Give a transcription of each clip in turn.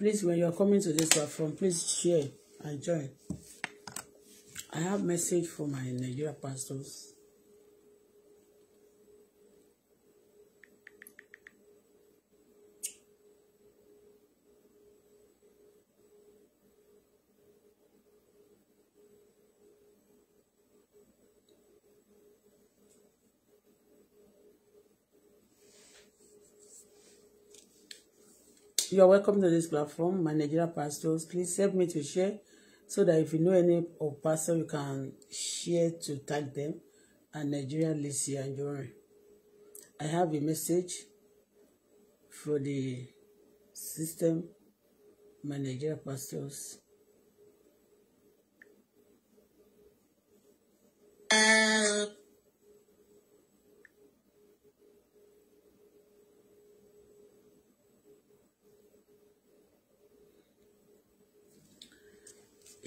Please, when you are coming to this platform, please share and join. I have message for my Nigeria pastors. you are welcome to this platform, my Nigeria pastors, please help me to share so that if you know any of pastor, you can share to tag them and Nigeria Lisi and Jory. I have a message for the system, my Nigeria pastors. Uh.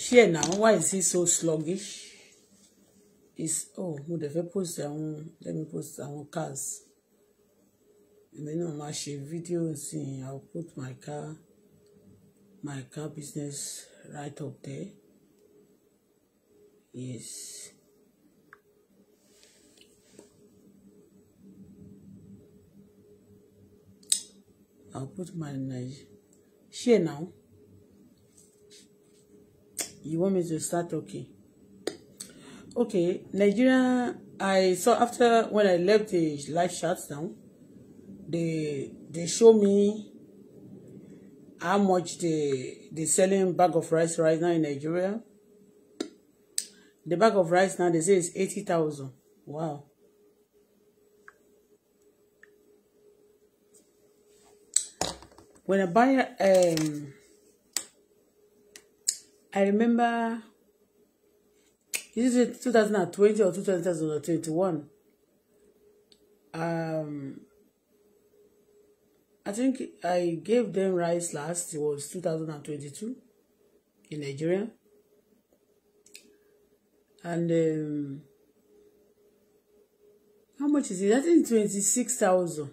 Here now why is he so sluggish is oh mo dẹ̀ fẹ́ post àwọn let me post àwọn cars èmi náà máa ṣe fídíò sí I'll put my car my car business right up there yes. I'll put my Nigeria share now you want me to start talking? Okay, Nigeria, I so after when I left the live shots down, they they show me how much the the selling bag of rice right now in Nigeria. The bag of rice now they say is eighty thousand. Wow. When I buy um I remember is it 2020 or 2021? Um, I think I gave them rice last. It was 2022 in Nigeria. And um, how much is it? I think 26,000.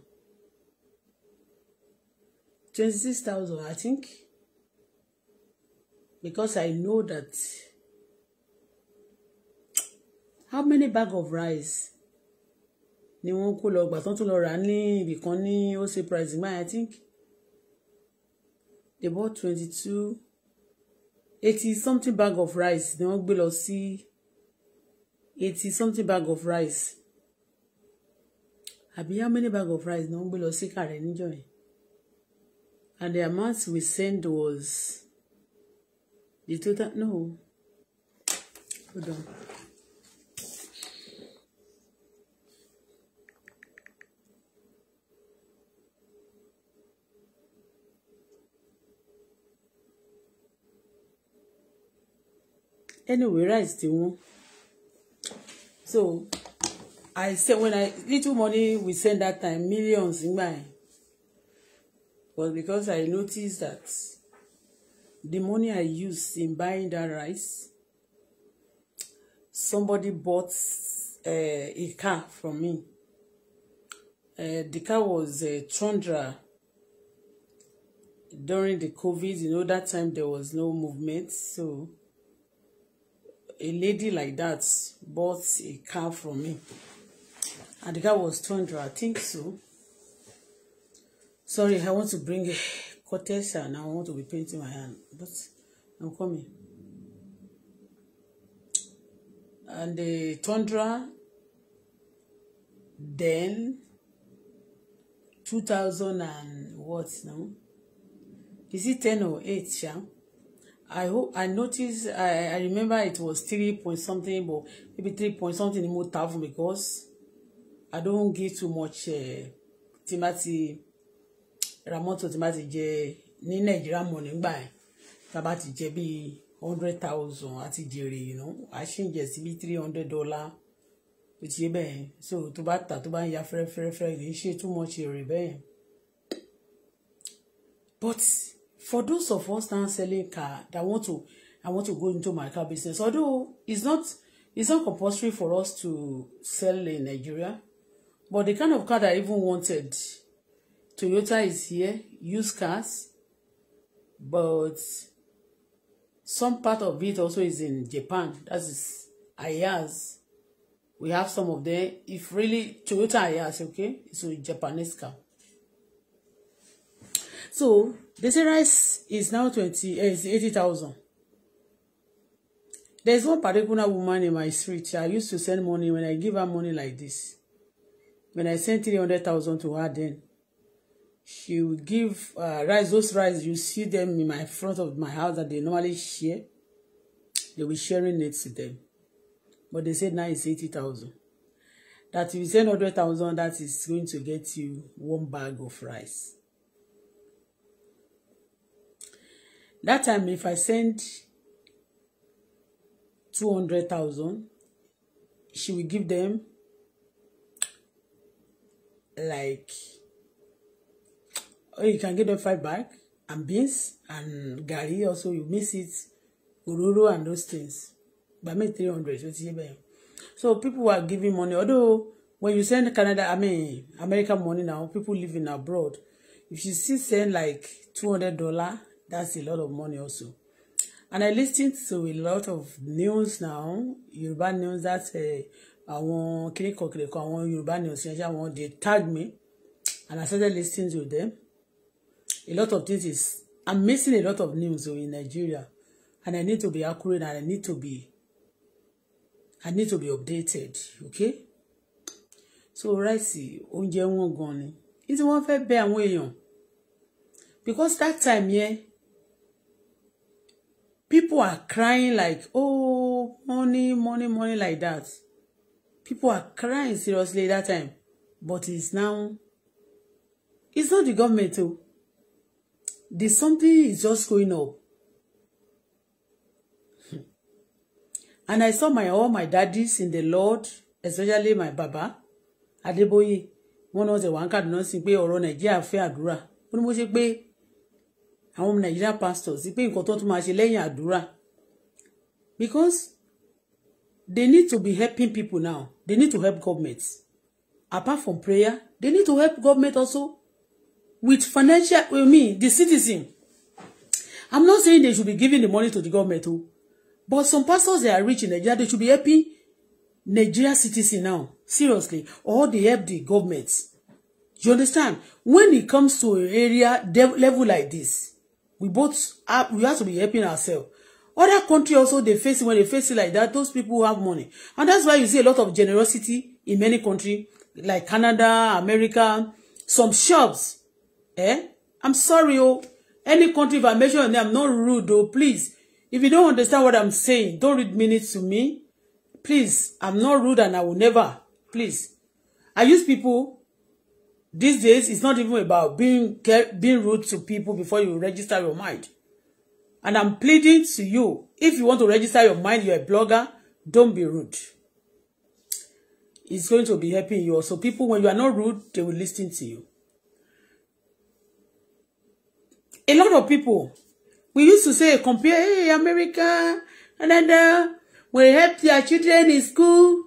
26,000, I think because I know that how many bag of rice ni wọ́n kó lọ gbà tán tó lọ rà ní ibì kan ní ose price gbà I think they bought twenty two eighty something bag of rice ni wọ́n gbé lọ sí eighty something bag of rice àbí how many bag of rice ni wọ́n gbé lọ sí kàrẹ́ níjọ́ yẹn and the amount we send was. You do that no. Hold on. Anyway, rice the one. So, I said when I little money we send that time millions in mine. But because I noticed that the money I used in buying that rice, somebody bought uh, a car from me. Uh, the car was a eh, Tundra. During the COVID, you know, that time there was no movement. So a lady like that bought a car from me. And the car was Tundra, I think so. Sorry, I want to bring Cortez now I want to be painting my hand, but I'm coming. And the Tundra, then 2000 and what now? Is it 10 or 8, yeah? I hope I noticed I, I remember it was three point something but maybe three point something ni mo because I don't give too much uh, timati ra mọ́tò tí má ti jẹ ní nàìjíríà mọ̀ nígbà yẹn tá a ti jẹ bíi hundred thousand àti jèrè ìnú àá ṣì ń jẹ sí bíi three hundred dollar ó ti yé so To bá tà tó bá ń ya fẹ́rẹ́fẹ́rẹ́fẹ́rẹ́ kì í ṣe too much èrè bẹ́ẹ̀ but for those of us that selling car that want to I want to go into my car business although it's not it's not compulsory for us to sell in Nigeria but the kind of car that I even wanted Toyota is here, used cars, but some part of it also is in Japan. That is Ayaz. We have some of them. If really Toyota Ayaz, okay, it's a Japanese car. So this rice is now twenty eh, is eighty thousand. There's one particular woman in my street. I used to send money when I give her money like this. When I sent three hundred thousand to her then she will give uh, rice those rice you see them in my front of my house that they normally share they will sharing it to them but they said now it's eighty thousand that if you send hundred thousand that is going to get you one bag of rice that time if I send two hundred thousand she will give them like Oh, you can get them five back and beans and gari also you miss it òróró and those things by me three hundred ó ti yé bẹ́ẹ̀ so people were giving money although when you send Canada I mean America money now people living abroad if you still send like two hundred dollar that's a lot of money also and I listened to a lot of news now Yoruba news that eh, àwọn kiri kan kiri kan àwọn Yoruba news yẹn ṣe àwọn they tag me and I started listening to them a lot of things is I'm missing a lot of news in Nigeria and I need to be accurate and I need to be I need to be updated okay so rice oúnjẹ wọn gan ni ní tí wọ́n fẹ́ bẹ àwọn èèyàn because that time yẹn people are crying like oh money money money like that people are crying seriously that time but it's now it's not the government o. Oh the something is just going up. And I saw my all my daddies in the Lord, especially my baba, Adeboye. One of the one card Kàdúná simply or on Nàìjíríà fẹ́ àdúrà. Ó When mo ṣe pé àwọn ọmọ Nàìjíríà pastors sí pé nǹkan tó tún máa ṣe lẹ́yìn àdúrà. Because they need to be helping people now. They need to help governments. Apart from prayer, they need to help government also with financial I mean the citizen I'm not saying they should be giving the money to the government o oh. but some pastors they are rich in Nigeria they should be helping Nigeria citizen now seriously or they help the government you understand when it comes to an area level like this we both have, we have to be helping ourselves other country also they face when they face it like that those people have money and that's why you see a lot of generosity in many country like Canada America some shops Eh? I'm sorry, oh. Any country if I information, I'm not rude, oh. Please, if you don't understand what I'm saying, don't read minutes to me. Please, I'm not rude and I will never. Please. I use people these days. It's not even about being being rude to people before you register your mind. And I'm pleading to you, if you want to register your mind, you're a blogger, don't be rude. It's going to be helping you. So people, when you are not rude, they will listen to you. a lot of people, we used to say, compare, hey, America, and then uh, we help their children in school.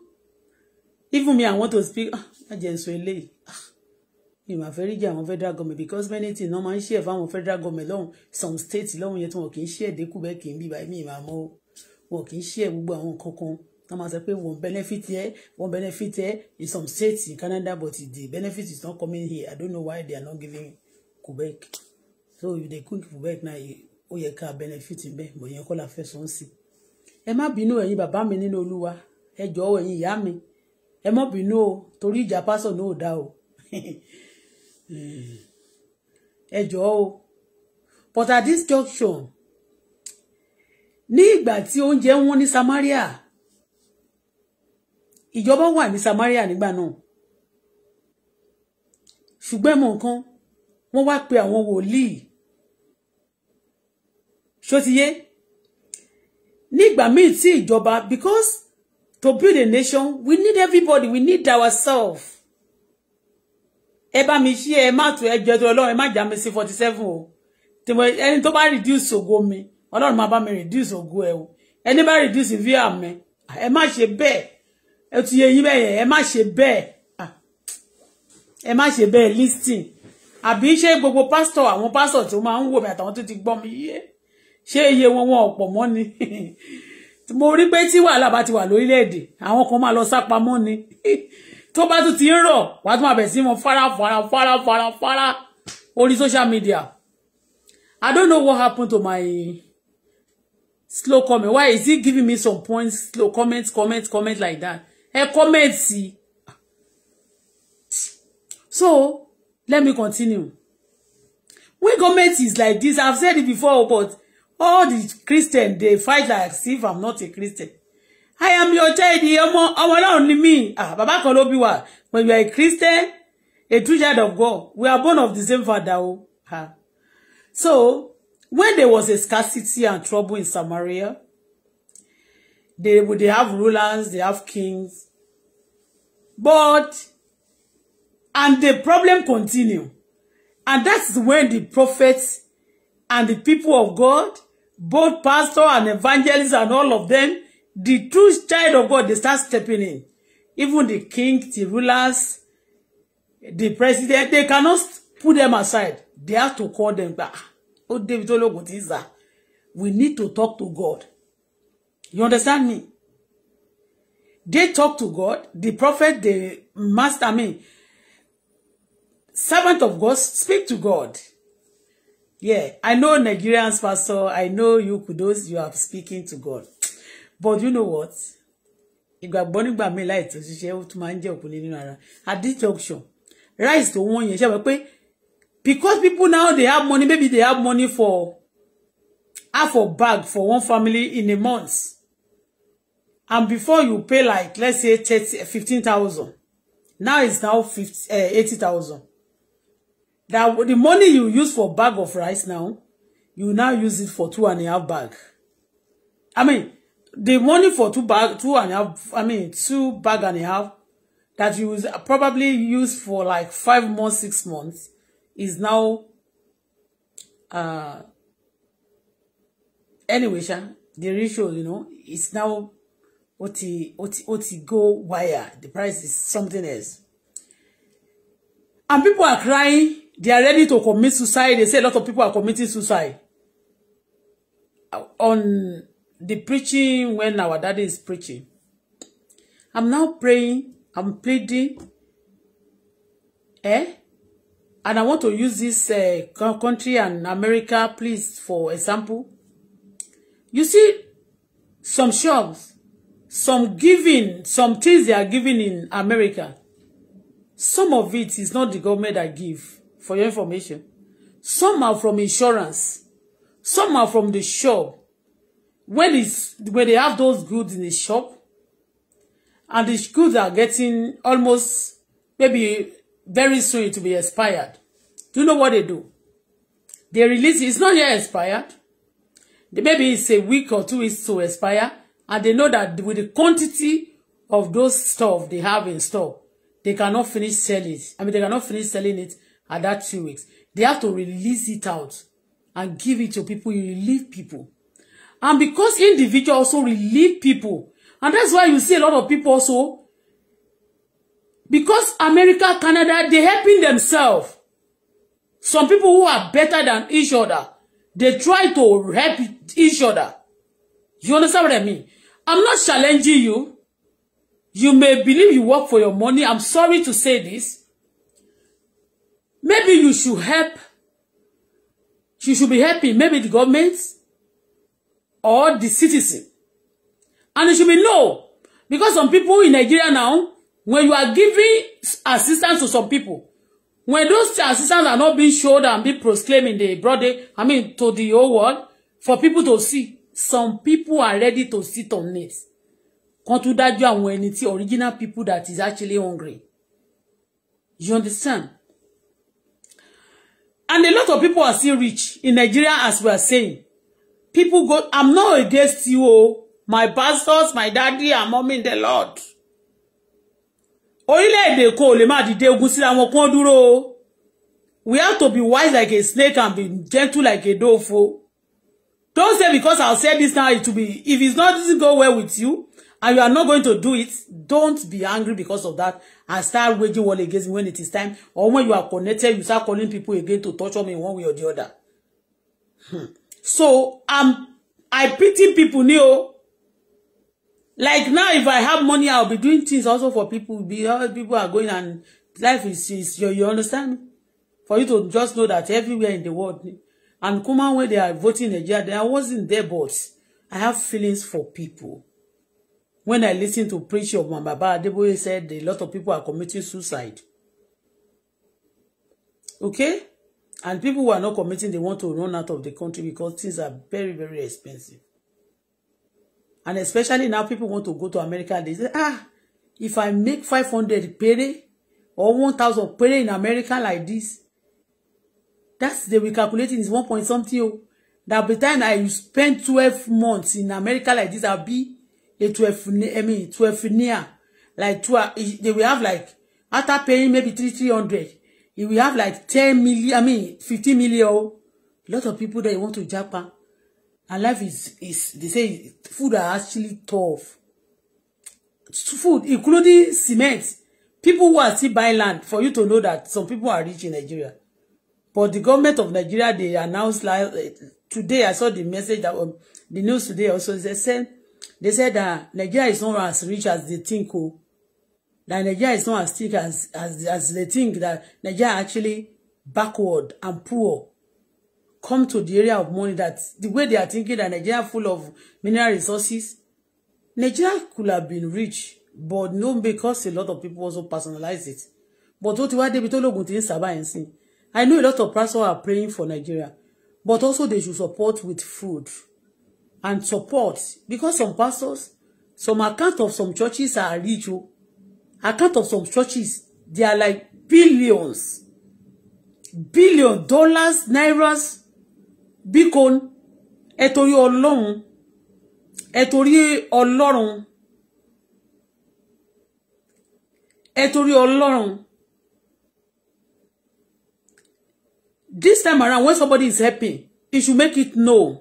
Even me, I want to speak. Ah, I just are ah, very àfẹ́ríjà àwọn federal government because many things náà máa ń ṣe federal government lọ́hùn some states lọ́hùn yẹn tí wọn kì í ṣe ẹ̀dínkù bẹ́ẹ̀ kì í bíbá ẹ̀mí ìmọ̀ àmọ́ wọn kì í ṣe gbogbo àwọn kankan wọ́n benefit here, wọ́n benefit here. in some states in Canada but the benefits is not coming here I don't know why they are not giving Quebec so if they quick for work now ó yẹ ká benefit bẹ́ẹ̀ mọ̀ yẹn kọ́ la fẹ́ sọ ń sìn ẹ má bínú ẹ̀yin bàbá mi nínú olúwa ẹ jọ̀ọ́ ẹ̀yin ìyá mi ẹ má bínú o torí ìjà pásọ̀ náà ò dá o ẹ jọ̀ọ́ o but at this junction ní ìgbà tí oúnjẹ wọ́n ní Samaria ìjọba wà ní Samaria nígbà náà ṣùgbọ́n mọ̀ nǹkan wọ́n wá pe àwọn wòlíì ṣótiyé nígbà míì tí ìjọba because to build a nation we need everybody we need ourselves ẹ bá mi ṣí ẹ má tó ẹjọ tó Ọlọ́run ẹ má jà mí sí forty seven o ẹni tó bá reduce ògo mi Ọlọ́run máa bá mi reduce ògo ẹ o ẹni bá reduce via mi ẹ má ṣe bẹ́ẹ̀ ẹ tún yẹ yín bẹ́ẹ̀ ẹ má ṣe bẹ́ẹ̀ ah, ẹ má ṣe bẹ́ẹ̀ listing àbí ṣé gbogbo pásítọ̀ àwọn pásítọ̀ tó máa ń wò mí àtàwọn tó ti gbọ́ mi yé ṣé iye wọn wọn ọ̀pọ̀ mọ́ ni mo rí pé tí wàhálà bá ti wà lórílẹ̀‐èdè àwọn kan máa lọ sápamọ́ ni tó bá tún ti ń rọ̀ wàá tún máa bẹ̀ sí wọn fara fara orí social media I don't know what happened to my slow comment why is he giving me some points slow comment comment comment like that ẹ comment sí so let me continue when comment is like this I've said it before but all the Christian they fight like if I'm not a Christian I am your child ọmọ ọmọ Ọlọ́run ni me. ah Baba kan ló bí wa when you are a Christian a true child of God we are born of the same father o ah so when there was a scarcity and trouble in Samaria they would they have rulers they have kings but and the problem continue and that's when the prophets and the people of God, both pastor and evangelist, and all of them, the true child of God, they start stepping in. Even the king, the rulers, the president, they cannot put them aside. They have to call them back. Oh, David Ologuntiza, we need to talk to God. You understand me? They talk to God. The prophet, the master, I mean, servant of God, speak to God. Yeah, I know Nigerians, Pastor. I know you, kudos, you are speaking to God. But you know what? Ìgbàgbọ́ nígbà mi láì tó ṣiṣẹ́ ó tún máa ń jẹ́ òkúlé nínú ara. At this junction, rice tó wọ́n yẹn ṣe wọ́n pé because people now they have money maybe they have money for half a bag for one family in a month. And before you pay like let's say thirty fifteen thousand now it's now fifty uh, eighty thousand that the money you use for bag of rice now, you now use it for two and a half bag. I mean, the money for two bag, two and a half, I mean, two bag and a half that you probably use for like five months, six months is now, uh, anyway, Sha, the ratio, you know, it's now ó oti ó go wire the price is something else and people are crying They are ready to commit suicide. They say a lot of people are committing suicide. On the preaching, when our daddy is preaching, I'm now praying, I'm pleading, eh? And I want to use this uh, country and America, please, for example. You see, some shops, some giving, some things they are giving in America, some of it is not the government that give for your information. Some are from insurance. Some are from the shop. When it's when they have those goods in the shop, and the goods are getting almost maybe very soon to be expired. Do you know what they do? They release it. It's not yet expired. They, maybe it's a week or two weeks to expire, and they know that with the quantity of those stuff they have in store, they cannot finish selling it. I mean, they cannot finish selling it at that two weeks. They have to release it out and give it to people. You relieve people. And because individual also relieve people. And that's why you see a lot of people also. Because America, Canada, they helping themselves. Some people who are better than each other, they try to help each other. You understand what I mean? I'm not challenging you. You may believe you work for your money. I'm sorry to say this. Maybe you should help. You should be helping maybe the government or the citizen. And you should be know Because some people in Nigeria now, when you are giving assistance to some people, when those assistance are not being showed and being proclaimed in the broad I mean to the whole world, for people to see, some people are ready to sit on it. Kan tún dájú àwọn ẹni tí original people that is actually hungry. You understand? And a lot of people are still rich in Nigeria, as we are saying. People go, I'm not against you, oh, my pastors, my daddy, and mommy in the Lord. orílẹ̀ de ko lè má dìde ogun síra wọn kán dúró We have to be wise like a snake and be gentle like a dove o. Don't say because I'll say this now, it will be, if it's not, it go well with you, and you are not going to do it, don't be angry because of that and start waging war against me when it is time or when you are connected, you start calling people again to torture me one way or the other. Hmm. So I'm I pity people ni Like now, if I have money, I'll be doing things also for people. Be people are going and life is, is you, you understand? For you to just know that everywhere in the world and come on, when they are voting in Nigeria, I wasn't there, but I have feelings for people. When I listened to preaching of my Baba Adeboye said a lot of people are committing suicide. Okay? And people who are not committing, they want to run out of the country because things are very, very expensive. And especially now people want to go to America. They say, ah, if I make five hundred pere or one thousand pere in America like this, that's the recalculating is one point something. That by the time I spend twelve months in America like this, I'll be a twelve I mean twelve near like twelve they will have like after paying maybe three three hundred you will have like ten million I mean fifteen million a lot of people that want to Japan. and life is is they say food are actually tough food including cement people who are still buying land for you to know that some people are rich in Nigeria but the government of Nigeria they announced like today I saw the message that um, the news today also they said They said that Nigeria is not as rich as they think. Oh, that Nigeria is not as thick as, as, as they think. That Nigeria actually backward and poor. Come to the area of money that the way they are thinking that Nigeria full of mineral resources. Nigeria could have been rich, but no, because a lot of people also personalize it. But what they be débi tó lóògùn ti I know a lot of people are praying for Nigeria, but also they should support with food and support because some pastors, some account of some churches are rich. Oh. Account of some churches, they are like billions, billion dollars, nairas, bitcoin, ẹ̀tọ́rí ọlọ́run, ẹ̀tọ́rí ọlọ́run, ẹ̀tọ́rí ọlọ́run. This time around, when somebody is helping, it should make it known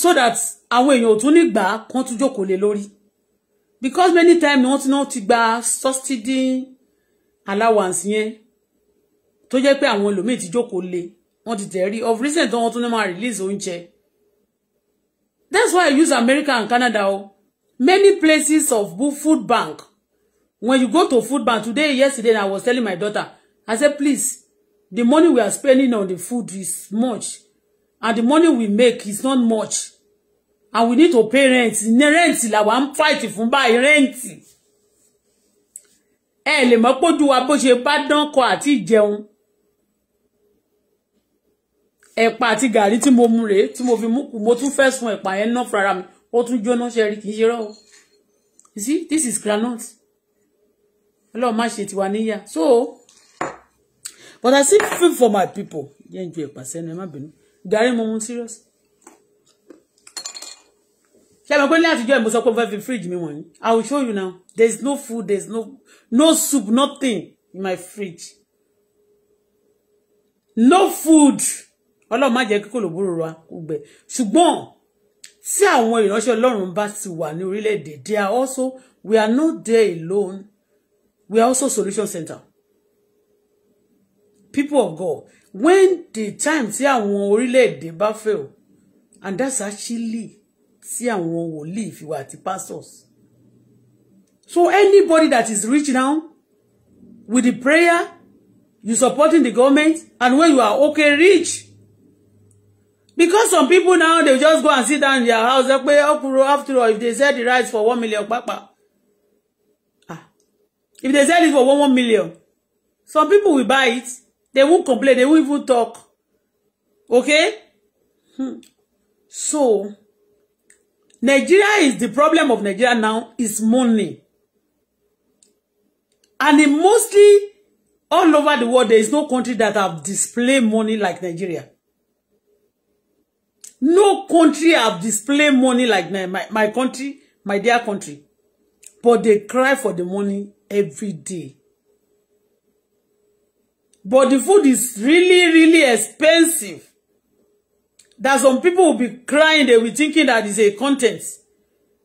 so that àwọn èèyàn ò tún ní gbà á kán tún jókòó lé lórí because many times ni wọ́n ti náà ti gba subsidy allowance yẹn tó jẹ́ pé àwọn ẹlòmíì ti jókòó lé wọ́n ti tẹ̀ of recent wọ́n tún ní máa release oúnjẹ that's why I use America and Canada o oh. many places of food bank when you go to food bank today yesterday I was telling my daughter I said please the money we are spending on the food is much and the money we make is not much and we need to pay rent ní rent làwa ń fight fún báyìí rent ẹ lè mọ̀ pójú wa bó ṣe bá dánkọ àti ìjẹun ẹ̀pà àti gàrí tí mo mu rèé tí mo fi mú kù mo tún fẹ́ sun ẹ̀pà yẹn ná fúnra mi ó tún jóná ṣe rí kì í you see this is groundnut ọlọ́run má ṣe tiwa níyà so but I see food for my people yẹn ju ẹ̀pà sẹ́nu ẹ má gàrí mo mu serious. ṣé ẹ mọ̀ pé ní àtijọ́ ìmọ̀ sọ pé mo fẹ́ fi fridge mi wọ̀nyí I will show you now there is no food there is no no soup nothing in my fridge no food ọlọ́run má jẹ́ kí kò lòbúrò ra kò gbẹ ṣùgbọ́n tí àwọn ìránṣẹ́ ọlọ́run bá ti wà ní orílẹ̀-èdè they are also we are not there alone we are also solution center people of God when the time tí àwọn orílẹ̀-èdè bá fail and that's actually tí àwọn wòlíì fi wà àti pastors so anybody that is rich now with the prayer you supporting the government and when you are okay rich because some people now they just go and sit down in their house they pay oh, after all if they sell the rice for one million papa ah if they sell it for one one million some people will buy it They won't complain. They won't even talk. Okay? Hmm. So, Nigeria is the problem of Nigeria now is money. And it mostly all over the world, there is no country that have displayed money like Nigeria. No country have displayed money like my, my country, my dear country. But they cry for the money every day. But the food is really, really expensive. That some people will be crying, they will be thinking that it's a content.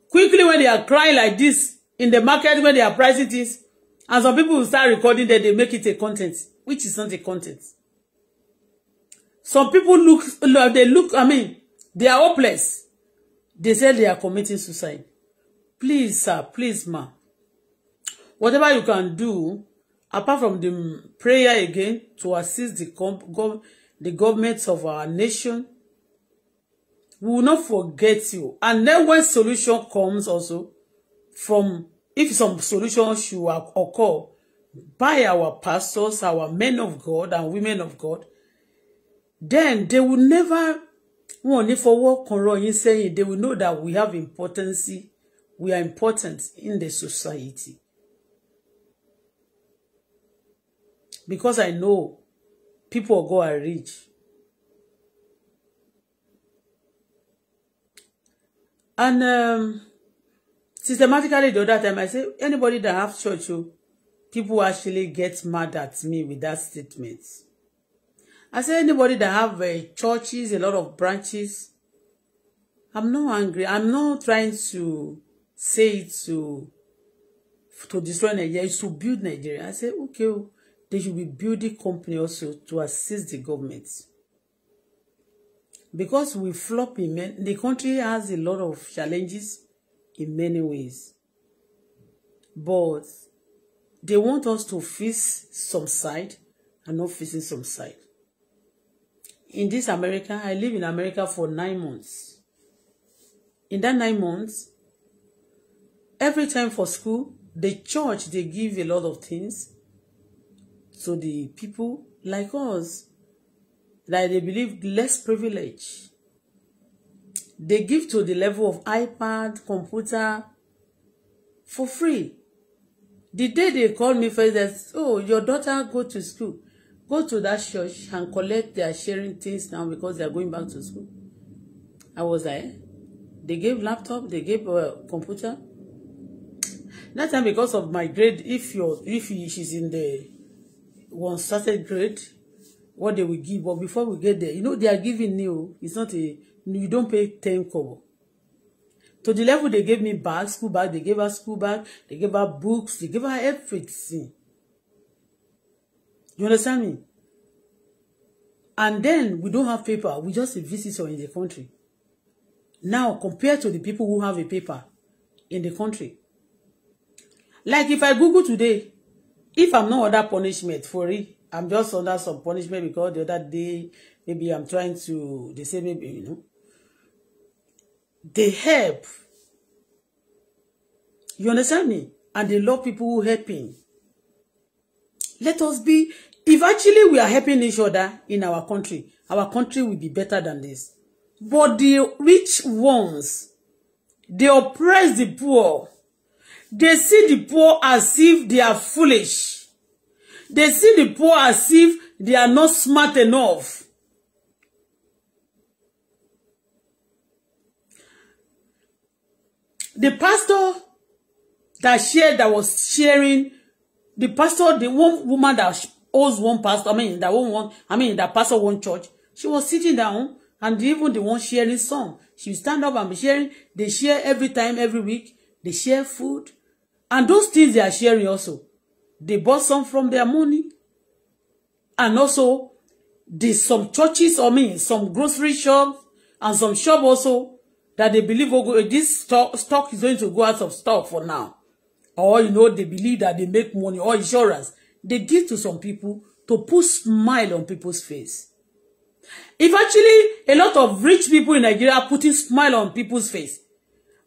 Quickly when they are crying like this, in the market when they are pricing this, and some people will start recording that they make it a content, which is not a content. Some people look, they look, I mean, they are hopeless. They say they are committing suicide. Please, sir, please, ma. Whatever you can do, apart from the prayer again to assist the, gov the governments of our nation, we will not forget you. And then when solution comes also, from if some solution should occur by our pastors, our men of God and women of God, then they will never wọn ní fọwọ́ kan rọ yín they will know that we have importance we are important in the society because I know people of God are rich. And um, systematically the other time I say anybody that have church, oh, people actually get mad at me with that statement. I say anybody that have uh, churches, a lot of branches, I'm not angry. I'm not trying to say it to to destroy Nigeria. It's to build Nigeria. I say okay. Oh, They should be building company also to assist the government. Because we flop in men, the country has a lot of challenges in many ways. But they want us to fix some side and not fixing some side. In this America, I live in America for nine months. In that nine months, every time for school, the church, they give a lot of things to the people like us that they believe less privilege. They give to the level of iPad, computer, for free. The day they called me first, they said, oh, your daughter go to school. Go to that church and collect their sharing things now because they are going back to school. I was like, eh? They gave laptop, they gave uh, computer. That time because of my grade, if you're, if she's in the on certain grade what they will give but before we get there you know they are giving new it's not a you don't pay ten kobo to the level they gave me back, school bag they gave her school bag they gave her books they gave her everything you understand me and then we don't have paper we just a visitor in the country now compared to the people who have a paper in the country like if I Google today if i'm not under punishment for it i'm just under some punishment because the other day maybe i'm trying to they say maybe you know they help you understand me and they love people who helping let us be if actually we are helping each other in our country our country will be better than this but the rich ones they oppress the poor They see the poor as if they are foolish. They see the poor as if they are not smart enough. The pastor that shared, that was sharing, the pastor, the one woman that owns one pastor, I mean, that one, one I mean, that pastor one church, she was sitting down and even the one sharing song, she stand up and be sharing. They share every time, every week. They share food. And those things they are sharing also, they bought some from their money. And also, there's some churches, I mean, some grocery shops, and some shop also, that they believe oh, this stock, stock is going to go out of stock for now. Or, you know, they believe that they make money or insurance. They give to some people to put smile on people's face. If actually a lot of rich people in Nigeria are putting smile on people's face,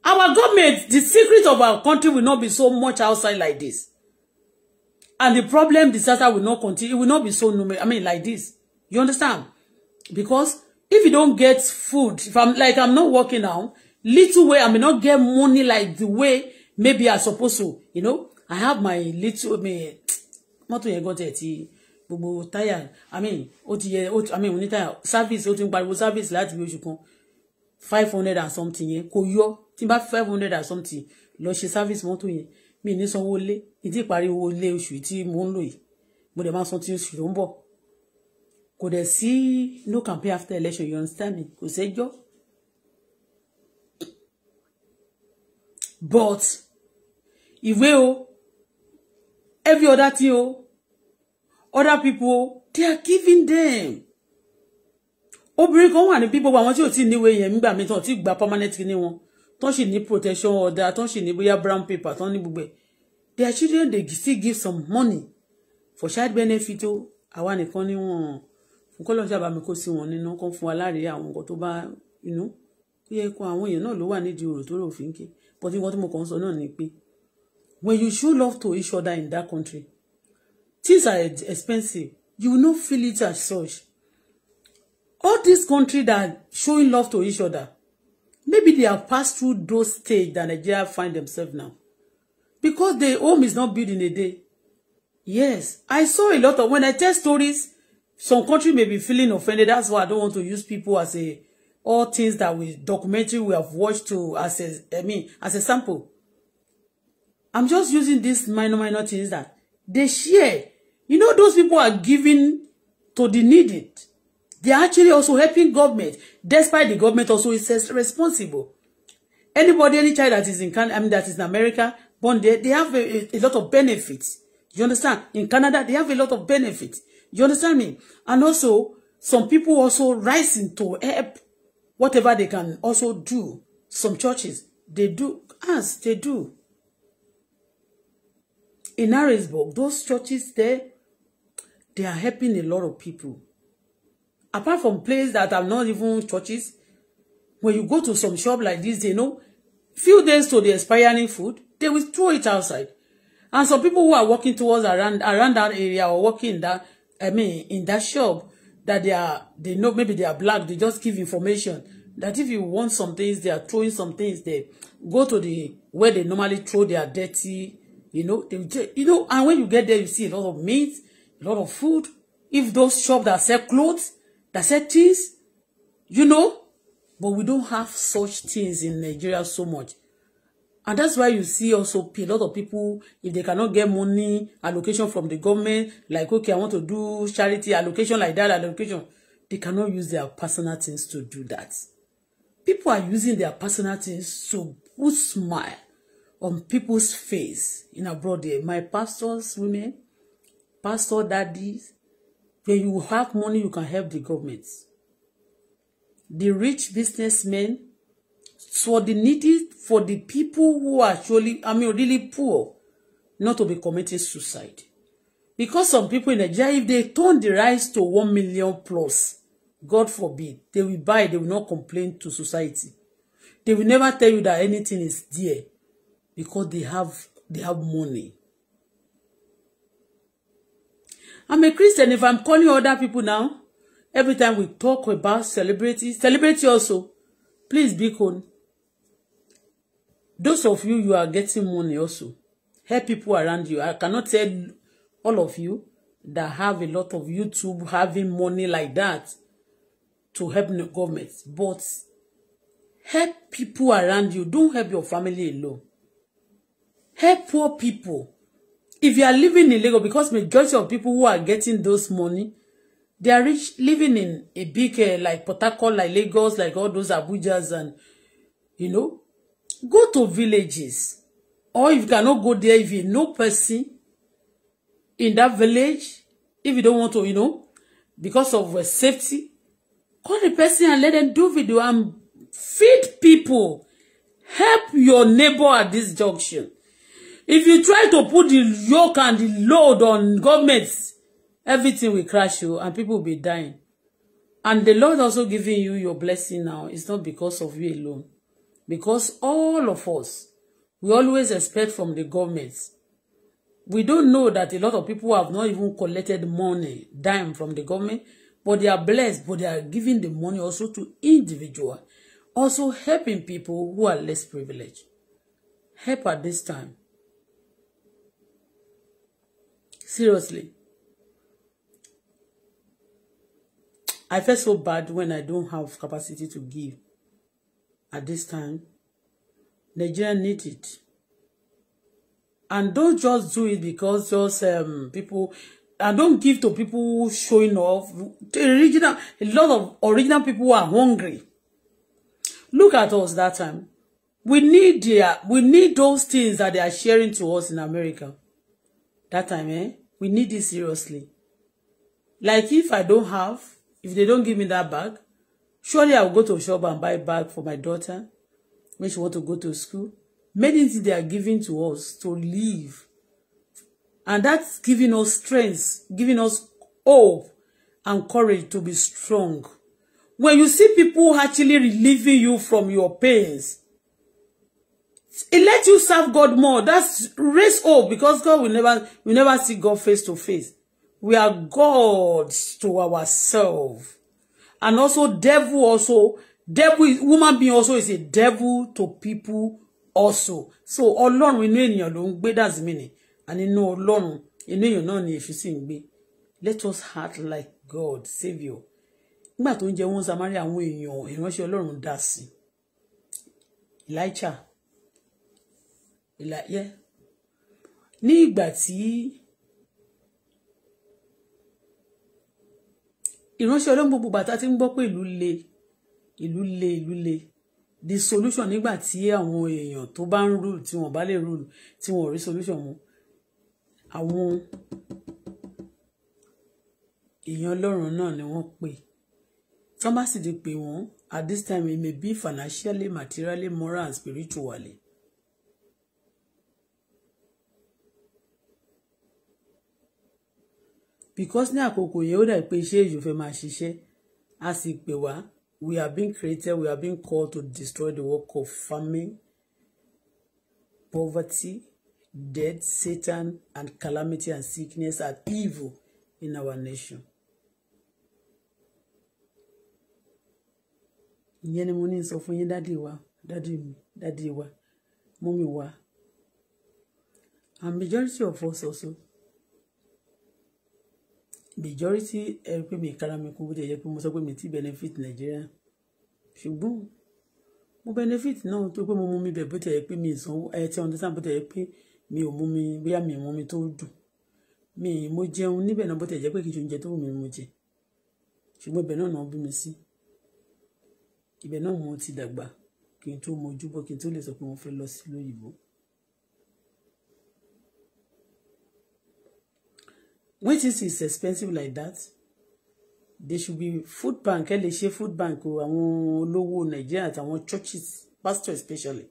Our government, the secret of our country will not be so much outside like this. And the problem, disaster will not continue. It will not be so numerous. I mean, like this. You understand? Because if you don't get food, if I'm like I'm not working now, little way I may not get money like the way maybe I'm supposed to. You know, I have my little me. Mọ́tò yẹn gan tẹ̀ ti gbogbo I mean ó ti I mean we need táyà service ó ti ń service láti bí oṣù kan five hundred and something Koyo. kò tí n bá five hundred and something lọ ṣe service mọ́tò yẹn mi ní sanwó lé ìdí ìparí owó lé oṣù tí mo ń lò yìí mo dẹ̀ máa san tí oṣù tó ń bọ̀ kò dẹ̀ no campaign after election you understand me kò sẹ́jọ́ but ìwé o every other thing o other people they are giving them obìnrin kan wà ní bí gbogbo àwọn tí ò tí ì níwèé yẹn nígbà mi tán ò tí ì gba permanent ní wọn tán sì ní protection order tán sì ní bóyá brown paper tán ní gbogbo ẹ̀ their children dey still give some money for child benefit o àwa nìkan ni wọn fún kọ́lọ́ sábà mi kó sí wọn nínú kán fún aláàrẹ àwọn nǹkan tó bá inú kó yẹ kó àwọn èèyàn náà ló wà nídìí ọ̀rọ̀ tó rò fi ń ké but nǹkan tí mo kàn ń sọ náà ni pé when you show love to each other in that country things are expensive you no feel it as such all these countries that showing love to each other Maybe they have passed through those stage that Nigeria find themselves now. Because the home is not built in a day. Yes, I saw a lot of, when I tell stories, some country may be feeling offended. That's why I don't want to use people as a, all things that we documentary we have watched to as a, I mean, as a sample. I'm just using these minor, minor things that they share. You know, those people are giving to the needed. They are actually also helping government, despite the government also is responsible. Anybody, any child that is in Canada, I mean that is in America, born there, they have a, a, lot of benefits. You understand? In Canada, they have a lot of benefits. You understand me? And also, some people also rising to help whatever they can also do. Some churches, they do, as they do. In Harrisburg, those churches there, they are helping a lot of people apart from places that are not even churches, when you go to some shop like this, they know few days to the expiring food, they will throw it outside. And some people who are walking towards around around that area or walking that I mean in that shop that they are they know maybe they are black, they just give information that if you want some things, they are throwing some things there. Go to the where they normally throw their dirty, you know, they you know, and when you get there, you see a lot of meat, a lot of food. If those shops that sell clothes, that said things, you know, but we don't have such things in Nigeria so much. And that's why you see also a lot of people, if they cannot get money allocation from the government, like, okay, I want to do charity allocation like that, allocation, they cannot use their personal things to do that. People are using their personal things to put smile on people's face in abroad there. My pastors, women, pastor daddies, When you have money, you can help the government. The rich businessmen, for the needy, for the people who are actually, I mean, really poor, not to be committing suicide. Because some people in Nigeria, if they turn the rice to one million plus, God forbid, they will buy, they will not complain to society. They will never tell you that anything is dear because they have they have money. I'm a Christian. If I'm calling other people now, every time we talk about celebrity, celebrity also, please be cool. Those of you, you are getting money also. Help people around you. I cannot tell all of you that have a lot of YouTube having money like that to help the government. But help people around you. Don't help your family alone. Help poor people. If you are living in Lagos, because majority of people who are getting those money, they are rich living in a big uh, like Port like Lagos, like all those Abujas and you know, go to villages. Or if you cannot go there, if you know person in that village, if you don't want to, you know, because of uh, safety, call the person and let them do video and feed people. Help your neighbor at this junction if you try to put the yoke and the load on government everything will crash you oh, and people will be dying and the Lord also giving you your blessing now it's not because of you alone because all of us we always expect from the government we don't know that a lot of people have not even collected money dime from the government but they are blessed but they are giving the money also to individual also helping people who are less privileged help at this time Seriously. I feel so bad when I don't have capacity to give at this time. Nigeria need it. And don't just do it because just um, people and don't give to people showing off. The original, a lot of original people are hungry. Look at us that time. We need their, we need those things that they are sharing to us in America. That time, eh? we need it seriously like if i don't have if they don't give me that bag surely I'll go to shop and buy bag for my daughter when she want to go to school many things they are giving to us to live and that's giving us strength giving us hope and courage to be strong when you see people actually relieving you from your pains it lets you serve God more. That's raise hope because God will never we never see God face to face. We are gods to ourselves. And also devil also devil woman being also is a devil to people also. So alone we know in your ń bed as many, And inú alone, you know you know if you see me. Let us heart like God saviour. Nígbà tó ń jẹ wọn Samaria àwọn èèyàn ìránṣẹ́ Ọlọ́run dá sí. Elijah ìlàyẹ ní ìgbà tí ìránṣẹ́ ọlọ́run gbogbo bàtà ti ń gbọ́ pé ìlú le ìlú le ìlú le the solution nígbà tí àwọn èèyàn tó bá ń rule tí wọ́n bá lè rule tí wọ́n rí solution mu àwọn èèyàn ọlọ́run náà ni wọ́n pè tí wọ́n bá sì ti pè wọ́n at this time it may be financially materially moral and spiritually because ní àkókò yẹn ó dà pé iṣẹ́ èyí fẹ́ máa ṣiṣẹ́ a sì pè wá we have been created we have been called to destroy the work of famine poverty death satan and calamity and sickness and evil in our nation. ìyẹn ni mo ní sọ fún yín dádì wa dádì mi dádì wa mọ́mì wa and majority of us also majority ẹ pé mi kára mi kú bó ti yẹ pé mo sọ pé mi ti benefit Nigeria ṣùgbọ́n mo benefit náà tó pé mo mú mi bẹ̀ bó ti yẹ pé mi ìsanwó ẹ ti understand bó ti yẹ pé mi ò mú mi bóyá mi mú mi tó dùn mi mo jẹun níbẹ̀ náà bó ti yẹ pé kì í ṣe oúnjẹ tó wù mí mo jẹ ṣùgbọ́n ibẹ̀ náà náà bí mi sí ibẹ̀ náà mo ti dàgbà kí n tó mojú kí n tó lè sọ pé mo fẹ́ lọ sí lóyìnbó. when things is expensive like that there should be food bank ẹ lè ṣe food bank o àwọn olówó nàìjíríà àtàwọn churches pastor especially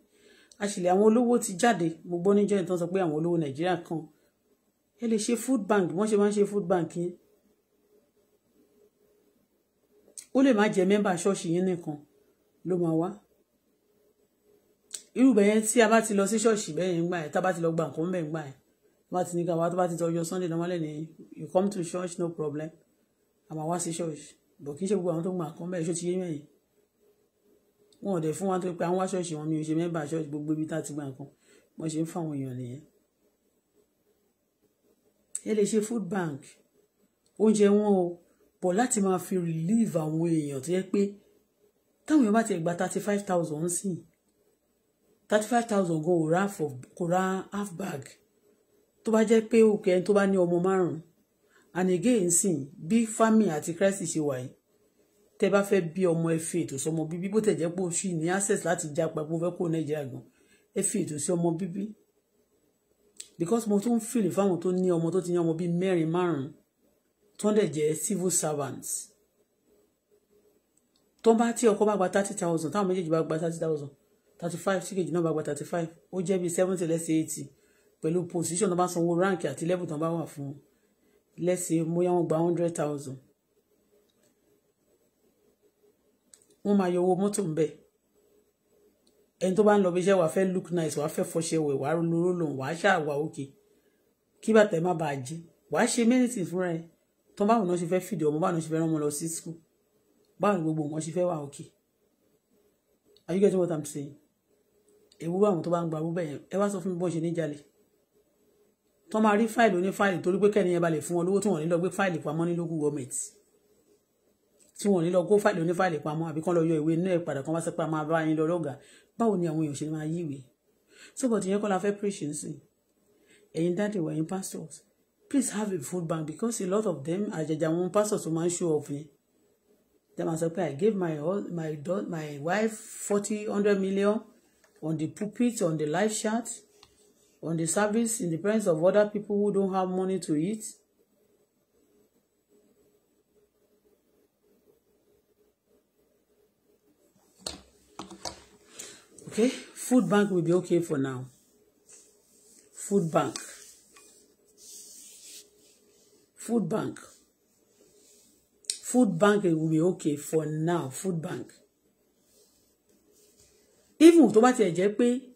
àṣìlẹ̀ àwọn olówó ti jáde mo gbọ́ níjọ́ ìtàn sọ pé àwọn olówó nàìjíríà kan ẹ lè ṣe food bank wọ́n ṣe máa ń ṣe food bank yẹn ó lè má jẹ mẹ́mbà ṣọ́ọ̀ṣì yín nìkan ló máa wá irú bẹ́ẹ̀ yẹn tí a bá ti lọ sí ṣọ́ọ̀ṣì bẹ́ẹ̀ yẹn ń gbà yẹn tá a bá ti lọ gba nǹkan bẹ́ẹ̀ ń gbà yẹn bá ti ní ká wá tó bá ti tọ sunday lọ́mọlẹ̀ ni you come to church no problem àmọ́ wá sí church bọ̀ kì í ṣe gbogbo àwọn tó gbà kán bẹ́ẹ̀ ṣó ti yé mẹ́yìn wọn ò dẹ̀ fún wa tó pé àwọn wá ṣọ́ọ̀ṣì wọn mi ò ṣe mẹ́bà ṣọ́ọ̀ṣì gbogbo ibi tá a ti gbà kan wọ́n ṣe ń fáwọn èèyàn nìyẹn. ẹ lè ṣe food bank oúnjẹ wọn o bọ̀ láti máa fi relieve àwọn èèyàn tó yẹ pé táwọn èèyàn bá ti gba thirty five thousand sí thirty five thousand go ra half bag tó bá jẹ́ pé òkè ẹni tó bá ní ọmọ márùn-ún and again sìn bí family àti crisis ṣe wà yìí tẹ́ bá fẹ́ bí ọmọ ẹ fi ètò sọmọ bíbí bó tẹ̀ jẹ́ pé o ṣì ní access láti já papò fẹ́ kó nàìjíríà gan ẹ fi ètò sí ọmọ bíbí because mo tún fìlì fáwọn tó ní ọmọ tó ti ní ọmọ bíi mẹ́rin márùn-ún tó ń dẹ̀ jẹ́ civil servants tó bá tí ọkọ bá gba thirty thousand táwọn méjèèjì bá gba thirty thousand thirty five tí kejì náà bá gba thirty five ó jẹ́ bíi seventy lẹ́sẹ̀ eighty pẹ̀lú position tó bá sanwó rank àti level tó bá wà fún let's say bóyá wọ́n gba hundred thousand wọ́n máa yọ owó mọ́tò ń bẹ̀ ẹni tó bá ń lọ bí iṣẹ́ wàá fẹ́ look nice wàá fẹ́ fọṣẹ wẹ̀ wàá lóró lòun wàá ṣàwà òkè kí bàtà ẹ má bàa jí wàá ṣe mẹ́rìntì fúnra ẹ tó báwọn náà ṣe fẹ́ fìdí ọmọ báwọn náà ṣe fẹ́ rán ọmọ lọ sí school báwọn gbogbo wọn ṣe fẹ́ wà òkè are you getting what i'm saying ewu àwọn tó bá ń gba owó bẹ́ẹ̀ yẹn ẹ wá sọ fún mi bọ́ọ̀ ṣe ní tó máa rí fáìlì oní fáìlì torí pé kẹ́ni yẹn balẹ̀ fún wọn lówó tí wọ́n ní lọ gbé fáìlì pamọ́ ní local government tí wọ́n ní lọ kó fáìlì oní fáìlì pamọ́ àbí kán lọ yọ ìwé náà padà kán wá sí pé a máa bá yín lọ lọ́gàá báwo ni àwọn èèyàn ṣe máa yí ìwé sóbọ̀ tí yẹn kọ́ la fẹ́ preaching sí ẹ̀yin dáàdì wà yín pastors please have a food bank because a lot of them àjàjà wọn pastors tó máa ń show off yẹn dem a sọ pé I gave my my my wife forty hundred million on the pulpit on the live chat on the service in the presence of other people who don't have money to eat. Okay, food bank will be okay for now. Food bank. Food bank. Food bank will be okay for now. Food bank. Even tó bá tiẹ̀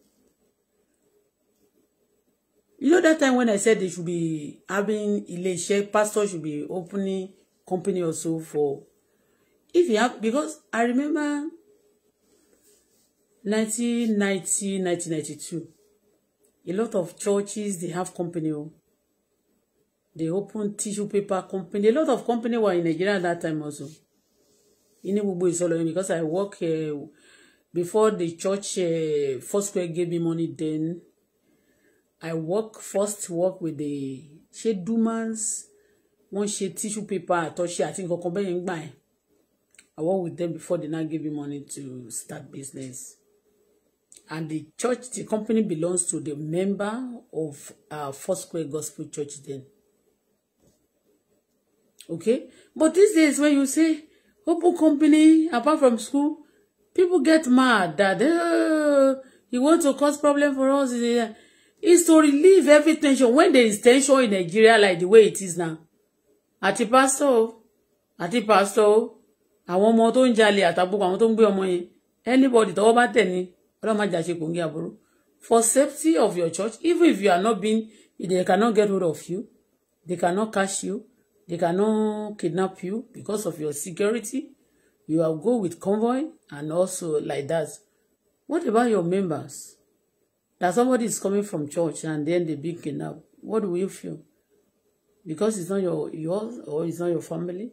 You know that time when I said they should be having ilé pastor should be opening company or so for if you have because I remember 1990, 1992, a lot of churches they have company. They open tissue paper company. A lot of company were in Nigeria at that time also. In Ebubu because I work uh, before the church uh, square gave me money then I work first work with the ṣé Dumans wọ́n ṣe tissue paper àtọ́ṣe àti nǹkan kan bẹ́yẹn ń gbà yẹn I work with them before they now give me money to start business and the church the company belongs to the member of uh, Square Gospel Church then okay but these days when you say open company apart from school people get mad that uh, you want to cause problem for us. Uh, is to relieve every tension when there is tension in Nigeria like the way it is now àti pastor, o àti pásítọ̀ o àwọn ọmọ tó ń jalè àtàbùkù àwọn tó ń gbé ọmọ yẹn anybody tọwọ́ bá tẹ̀ ní ọlọ́mọ ajá ṣe kòǹgì àbúrò for safety of your church even if you are not being they cannot get hold of you they cannot catch you they cannot kidnap you because of your security you are go with convoy and also like that what about your members that somebody is coming from church and then they being kidnapped, what do you feel? Because it's not your yours or it's not your family.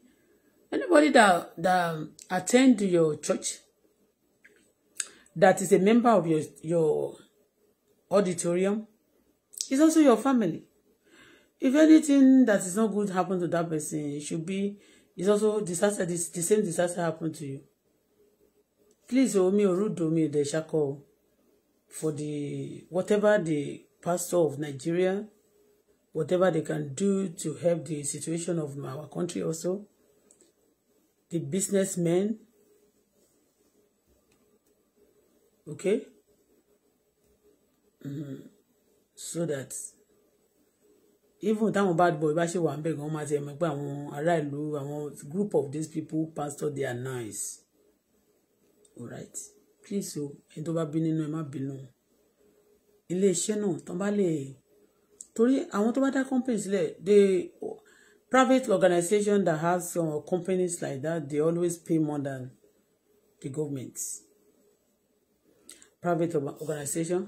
Anybody that that um, attend your church, that is a member of your your auditorium, is also your family. If anything that is not good happen to that person, it should be it's also disaster. This the same disaster happened to you. Please, omi oh, orudo mi de for the whatever the pastor of Nigeria, whatever they can do to help the situation of our country also, the businessmen, okay, mm-hmm. so that even táwọn bad boy bá ṣe wà ń bẹ̀ gan máa ti ẹ̀mọ́ pé àwọn ará group of these people pastor they are nice all right please o ẹni tó bá bí nínú ẹ má bínú iléeṣẹ́ náà tán bá lè torí àwọn tó bá dá company sílẹ̀ they private organization that has uh, companies like that they always pay more than the government private organization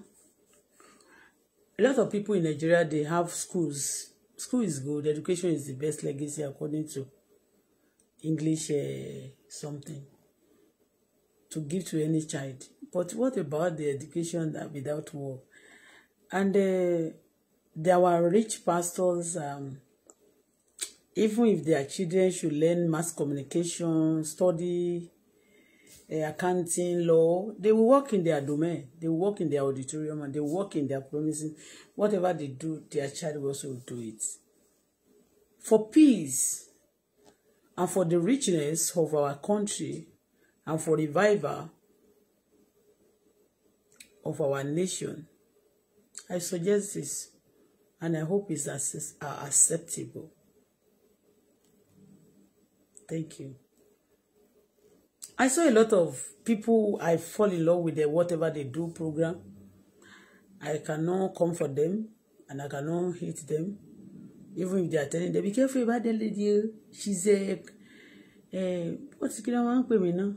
a lot of people in Nigeria they have schools school is good education is the best legacy according to English uh, something to give to any child. But what about the education that without war? And uh, there were rich pastors, um, even if their children should learn mass communication, study uh, accounting, law, they will work in their domain, they will work in their auditorium, and they will work in their premises. Whatever they do, their child will also do it. For peace and for the richness of our country, and for revival of our nation. I suggest this and I hope it's acceptable. Thank you. I saw a lot of people I fall in love with their eh, whatever they do program. I cannot comfort them and I cannot hate them. Even if they are telling them, be careful about that lady. Oh, she's a, uh, eh, eh, what's going on with me now?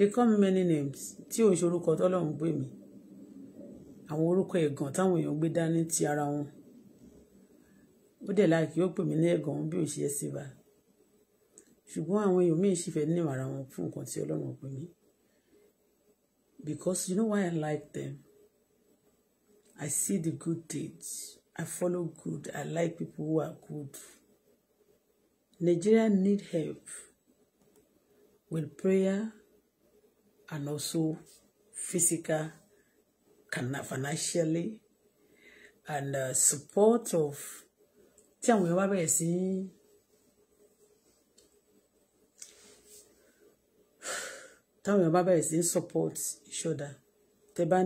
they call me many names tí òun ṣe tọ́lọ́run gbé mi àwọn orúkọ ẹ̀gàn táwọn èèyàn gbé dání ti ara wọn ó dẹ̀ láàkì ó pè mí ní ẹ̀gàn bí ò ṣe é sí bá ṣùgbọ́n àwọn èèyàn míì sì fẹ́ ní ara wọn fún nǹkan tí ọlọ́run pè mí because you know why I like them I see the good deeds I follow good I like people who are good Nigeria need help with prayer and also physical, financially, and uh, support of tí àwọn èèyàn is in. sí táwọn èèyàn bá bẹ̀rẹ̀ sí support each other tẹ́ bá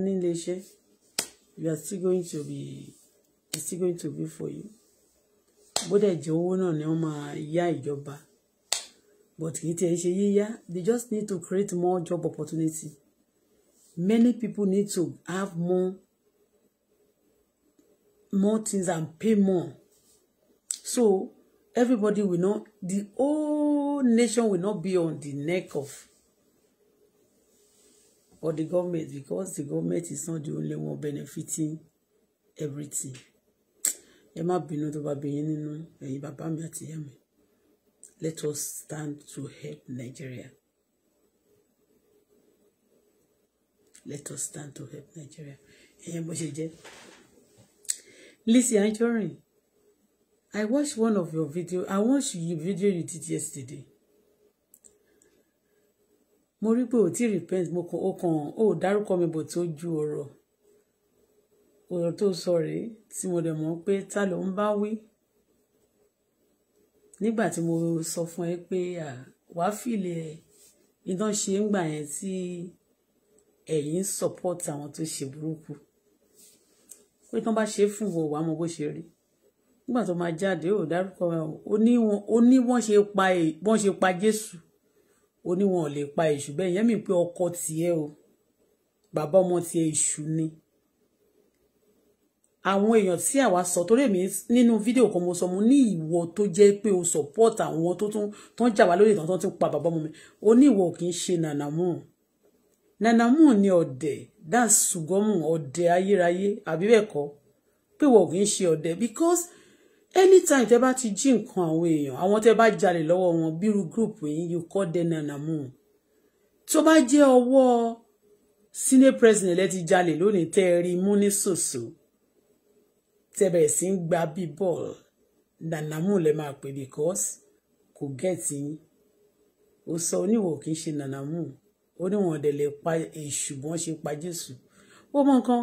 you are still going to be it's still going to be for you But dẹ̀ jẹ́ owó náà ni Yeah, máa but kì í tiẹ̀ ṣe yíyá they just need to create more job opportunity many people need to have more more things and pay more so everybody will not the whole nation will not be on the neck of or the government because the government is not the only one benefiting everything ẹ má bínú tó bá bí nínú ẹ̀yin bàbá mi àti ìyá mi. Let us stand to help Nigeria. Let us stand to help Nigeria. Ẹ̀yẹ́ bó ṣe jẹ́. Anjorin, I watched one of your video. I watched your video you did yesterday. Mo ti repent mo kàn ó kàn ó dárúkọ mi bò tó ju ọ̀rọ̀ ọ̀rọ̀ tó sọ rèé mo dẹ̀ mọ̀ pé ta ló ń nígbà tí mo sọ fún ẹ pé wàá fìlẹ̀ idán ṣe ń gbà yẹn tí ẹ̀yin ń support àwọn tó ṣe burúkú pé tán bá ṣe fún wọn wàá mọ bó ṣe rí nígbà tó máa jáde ó dárúkọ ó ní wọ́n ṣe pa wọ́n Jésù ó ní wọn ò lè pa èṣù bẹ́ẹ̀ yẹn mi pé ọkọ tiẹ̀ o bàbá ọmọ tiẹ̀ èṣù ni àwọn èèyàn tí àwa sọ torí èmi nínú fídíò kan mo sọ mo ní ìwọ tó jẹ́ pé o support àwọn tó tún tó ń jà wá lórí ìtàn tó ti ń pa bàbá ọmọ mi o ní ìwọ kì í ṣe nànàmú nànàmú ni ọ̀dẹ̀ that's ṣùgọ́mù ọ̀dẹ̀ ayérayé àbí bẹ́ẹ̀ kọ́ pé ìwọ kì í ṣe ọ̀dẹ̀ because anytime tẹ bá ti jí nǹkan àwọn èèyàn àwọn tẹ bá jalè lọ́wọ́ wọn bírú group yìí you call them nànàmú tó bá jẹ́ ọwọ́ senior president ẹ ti jalè lónìí tẹ́ ẹ rí mú ní ṣòṣò. So tẹ́bẹ̀rẹ̀ sí ń gba bíi bọ́ọ̀lù nànàmú lẹ máa pè because kò gẹ̀ẹ́tì yín ó sọ oníwò kì í ṣe nànàmú ó ní wọn dẹ̀ pa èṣù bí wọ́n ṣe pa jésù ó mọ nǹkan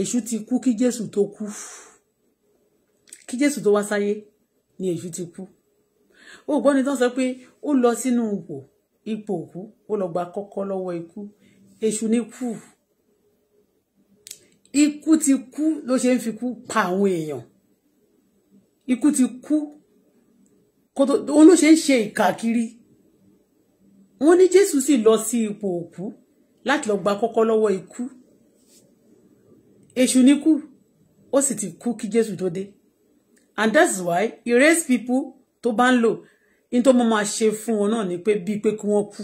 èṣù ti kú kí jésù tó kú kí jésù tó wá sáyé ni èṣù ti kú ó gbọ́ ni tán sọ pé ó lọ sínú ipò ipò òkú ó lọ gba kọ́kọ́ lọ́wọ́ ikú èṣù ni kú ikú ti kú ló ṣe ń fi kú pa àwọn èèyàn ikú ti kú kótó òun ló ṣe ń ṣe ìkà kiri wọ́n ní Jésù sì lọ sí ipò òkú láti lọ gba kọ́kọ́ lọ́wọ́ ikú èṣù ni kú ó sì ti kú kí Jésù tó dé and that's why he raise people tó bá ń lò ní tó mọ́ máa ṣe fún wọn náà ni pé bíi pé kí wọ́n kú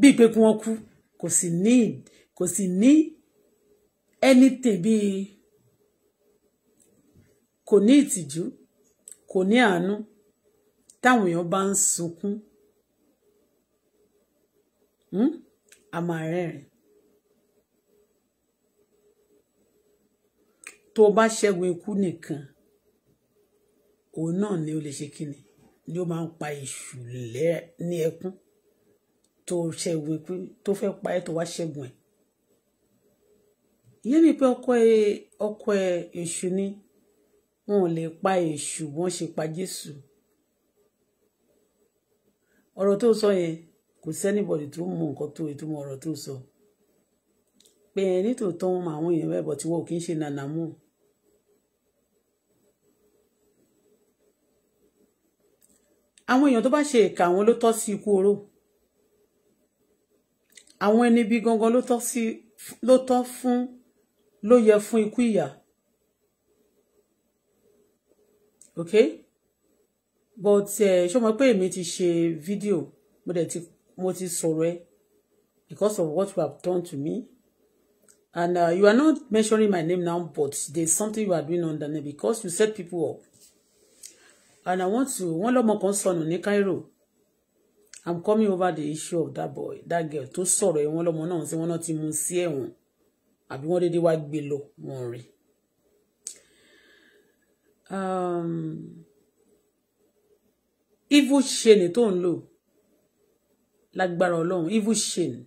bíi pé kí wọ́n kú kò sì ní kò sì ní anything bíi kò ní ìtìjú kò ní àánú táwọn èèyàn bá ń sunkún hmm, a máa rẹ́rìn tó o bá ṣẹ́gun ikú nìkan òun náà ni o lè ṣe kíni ni ó máa ń pa èṣù lẹ́ ní ẹkún tó ṣẹ́gun ikú tó fẹ́ pa ẹ́ tó wá ṣẹ́gun ẹ̀ ìyẹn mi pé ọkọ ẹ ọkọ ẹ èṣù ni wọn ò lè pa èṣù wọn ṣe pa jésù ọ̀rọ̀ tó sọ yẹn kò sẹ́nìbọ̀dì tó mú nǹkan tó ìtumọ̀ ọ̀rọ̀ tó sọ pé ẹ nítòótọ́ wọn àwọn èèyàn bẹ́ẹ̀ bọ̀ tí wọn ò kí ń ṣe nànàmú àwọn èèyàn tó bá ṣe ìkà àwọn ló tọ́ sí ikú oró àwọn ẹni bí gangan ló tọ́ fún ló yẹ fún ikú ìyà okay but ṣé o mọ̀ pé èmi ti ṣe fídíò mo dẹ̀ ti mo ti sọ̀rọ̀ ẹ because of what you have done to me and uh, you are not mentioning my name now but there is something you are doing under me because you set people up and I want to wọ́n lọ́mọ kan sọnù ní Cairo I'm coming over the issue of that boy that girl tó sọ̀rọ̀ ẹ̀ wọ́n lọ́mọ náà sí wọ́n náà ti mú sí ẹ̀wọ̀n àbí wọ́n déédéé wá gbé lọ wọ́n rí. Um, evil shane tó ń lò lágbára ọlọ́run evil shane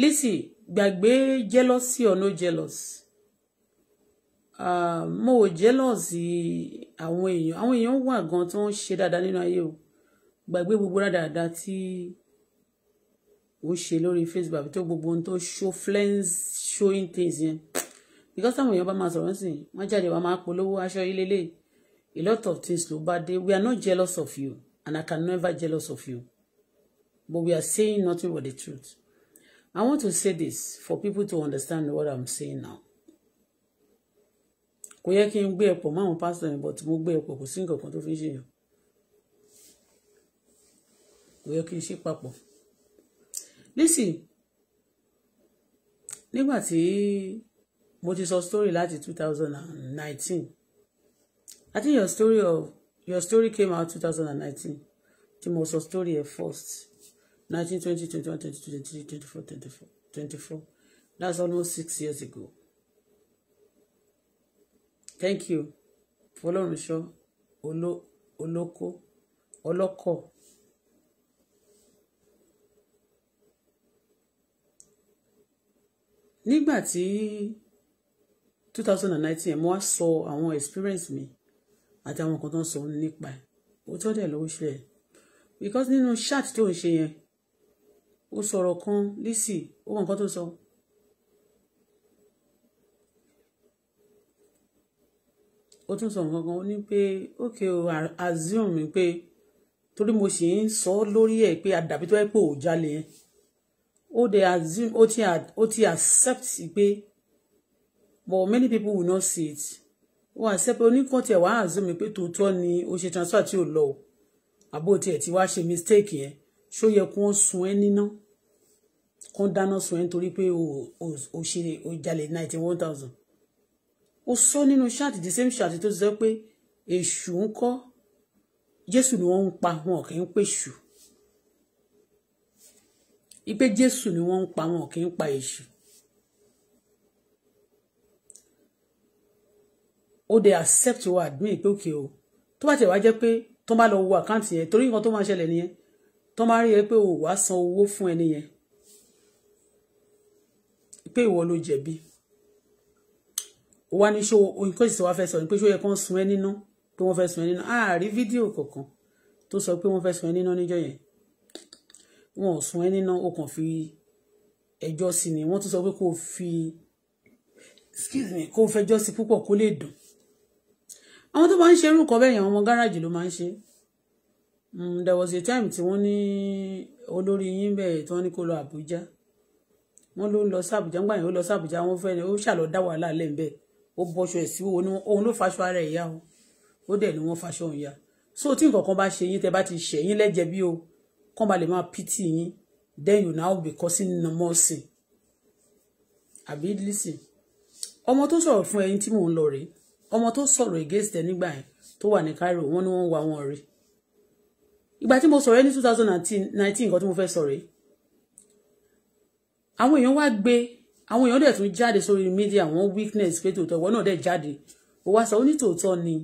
lisi gbàgbé jealousy or no jealous uh, mo ò jealous àwọn èèyàn àwọn èèyàn wà gan tó ń ṣe dáadáa nínú ayé o gbàgbé gbogbo dáadáa tí. Ti ó ń ṣe lórí Facebook àbí tó gbogbo ohun tó show flens showing things yẹn because táwọn èèyàn bá máa sọ̀rọ̀ sí wọ́n jáde wá máa polówó aṣọ ilé lè a lot of things ló bá dé we are not jealous of you and I can never jealous of you but we are saying nothing but the truth I want to say this for people to understand what I'm saying now kò yẹ kí n gbé ẹ̀pọ̀ mọ́ àwọn pásítọ̀ yẹn but mo gbé ẹ̀pọ̀ kò sí nǹkan kan tó fi ń ṣèyàn kò yẹ kí n ṣe papọ̀ listen nígbà tí mo ti sọ story láti two thousand and nineteen I think your story of your story came out two thousand and nineteen tí mo sọ story ẹ first nineteen twenty twenty one twenty two twenty three twenty four twenty four twenty four that's almost six years ago thank you fọlọ́runṣọ́ olóko ọlọ́kọ̀ nígbà tí 2019 mo wá sọ àwọn experience mi àti àwọn nǹkan tó ń sọ nípa ẹ̀ ó tọ́ dẹ̀ lọ́wọ́ ṣe ẹ̀ because nínú chat tó ń ṣe yẹn ó sọ̀rọ̀ kan Lizzy ó mọ nǹkan tó sọ. ó tún sọ nǹkan kan ó ní pé ókè o assume mi pé torí mo sì ń sọ lórí ẹ̀ pé àdàbí tó yẹ pé òòjà lè yẹn ó dey assume ó ti ó ti accept pé but many people will not see it ó accept pé oníkan tiẹ̀ wá assume pé tòótọ́ ni ó ṣe transfer tí ò lọ o àbó tiẹ̀ ti wá ṣe mistake yẹn ṣó yẹ kí wọ́n sun ẹ́ níná kán dáná sun ẹ́ nítorí pé o ṣe o jalè ninety one thousand O sọ nínú ṣáàtì the same chat. tó ti sọ pé èṣù ń kọ́ jésù ni wọ́n ń pa wọn kì í pèṣù ipe jésù ni wọ́n ń pa wọn kì í pa èṣù ó dé accept wa admin pé òkè o tó bá tẹ̀ wá jẹ́ pé tó bá lọ wo àkáǹtì yẹn torí nǹkan tó máa ṣẹlẹ̀ nìyẹn tó máa rí ẹ pé o wàá san owó fún ẹni yẹn pé ìwọ ló jẹ̀bi wá ní ṣó nǹkan ìṣèwà fẹ́ sọ ni pé ṣó yẹ kán sun ẹ níná pé wọ́n fẹ́ sun ẹ níná àárí fídíò kọ̀ọ̀kan tó sọ pé wọ́n fẹ́ sun ẹ níná níjọ́ yẹn wọn ò sún ẹ níná o kàn fi ẹjọ́ sí ni wọ́n tún sọ pé kó fi excuse me kó o fẹjọ́ sí púpọ̀ kó lè dùn àwọn tó bá ń ṣe irú nǹkan bẹ́ẹ̀ yẹn àwọn ọmọ gáràjì ló máa ń ṣe hmm, there was a time tí wọ́n ní olórí yín bẹ́ẹ̀ tí wọ́n ní kó lọ Àbújá wọ́n ló ń lọ sí Àbújá ńgbà yẹn ó lọ sí Àbújá wọ́n fẹ́ ó ṣàlọ́ dá wàhálà lẹ́ńbẹ́ẹ̀ ó bọ́ṣọ ẹ̀ sí òun ló faṣọ ara ẹ̀ yá o ó dẹ̀ ni wọ́n faṣọ òun yá so tí nǹkan kan bá ṣe yín tẹ́ bá ti ṣẹ̀yìn lẹ́jẹ̀ bí o kán ba lè máa pity yín then you now be causing no more sin àbí listen ọmọ tó sọ̀rọ̀ fún ẹyin tí mò ń lọ rèé ọmọ tó sọ̀rọ̀ against ẹ nígbà yẹn tó wà ní Cairo wọ́n ní wọ́n ń wọn rèé ìgbà tí mo sọ̀rọ̀ ẹ ní two thousand nineteen nǹkan tí mo fẹ́ sọ rèé àwọn èèyàn wá gbé àwọn èèyàn dẹ̀ tún jáde sórí mídíà wọ́n weakness pé tòótọ́ ìwọ náà dẹ̀ jáde ó wá sọ onítòótọ́ ni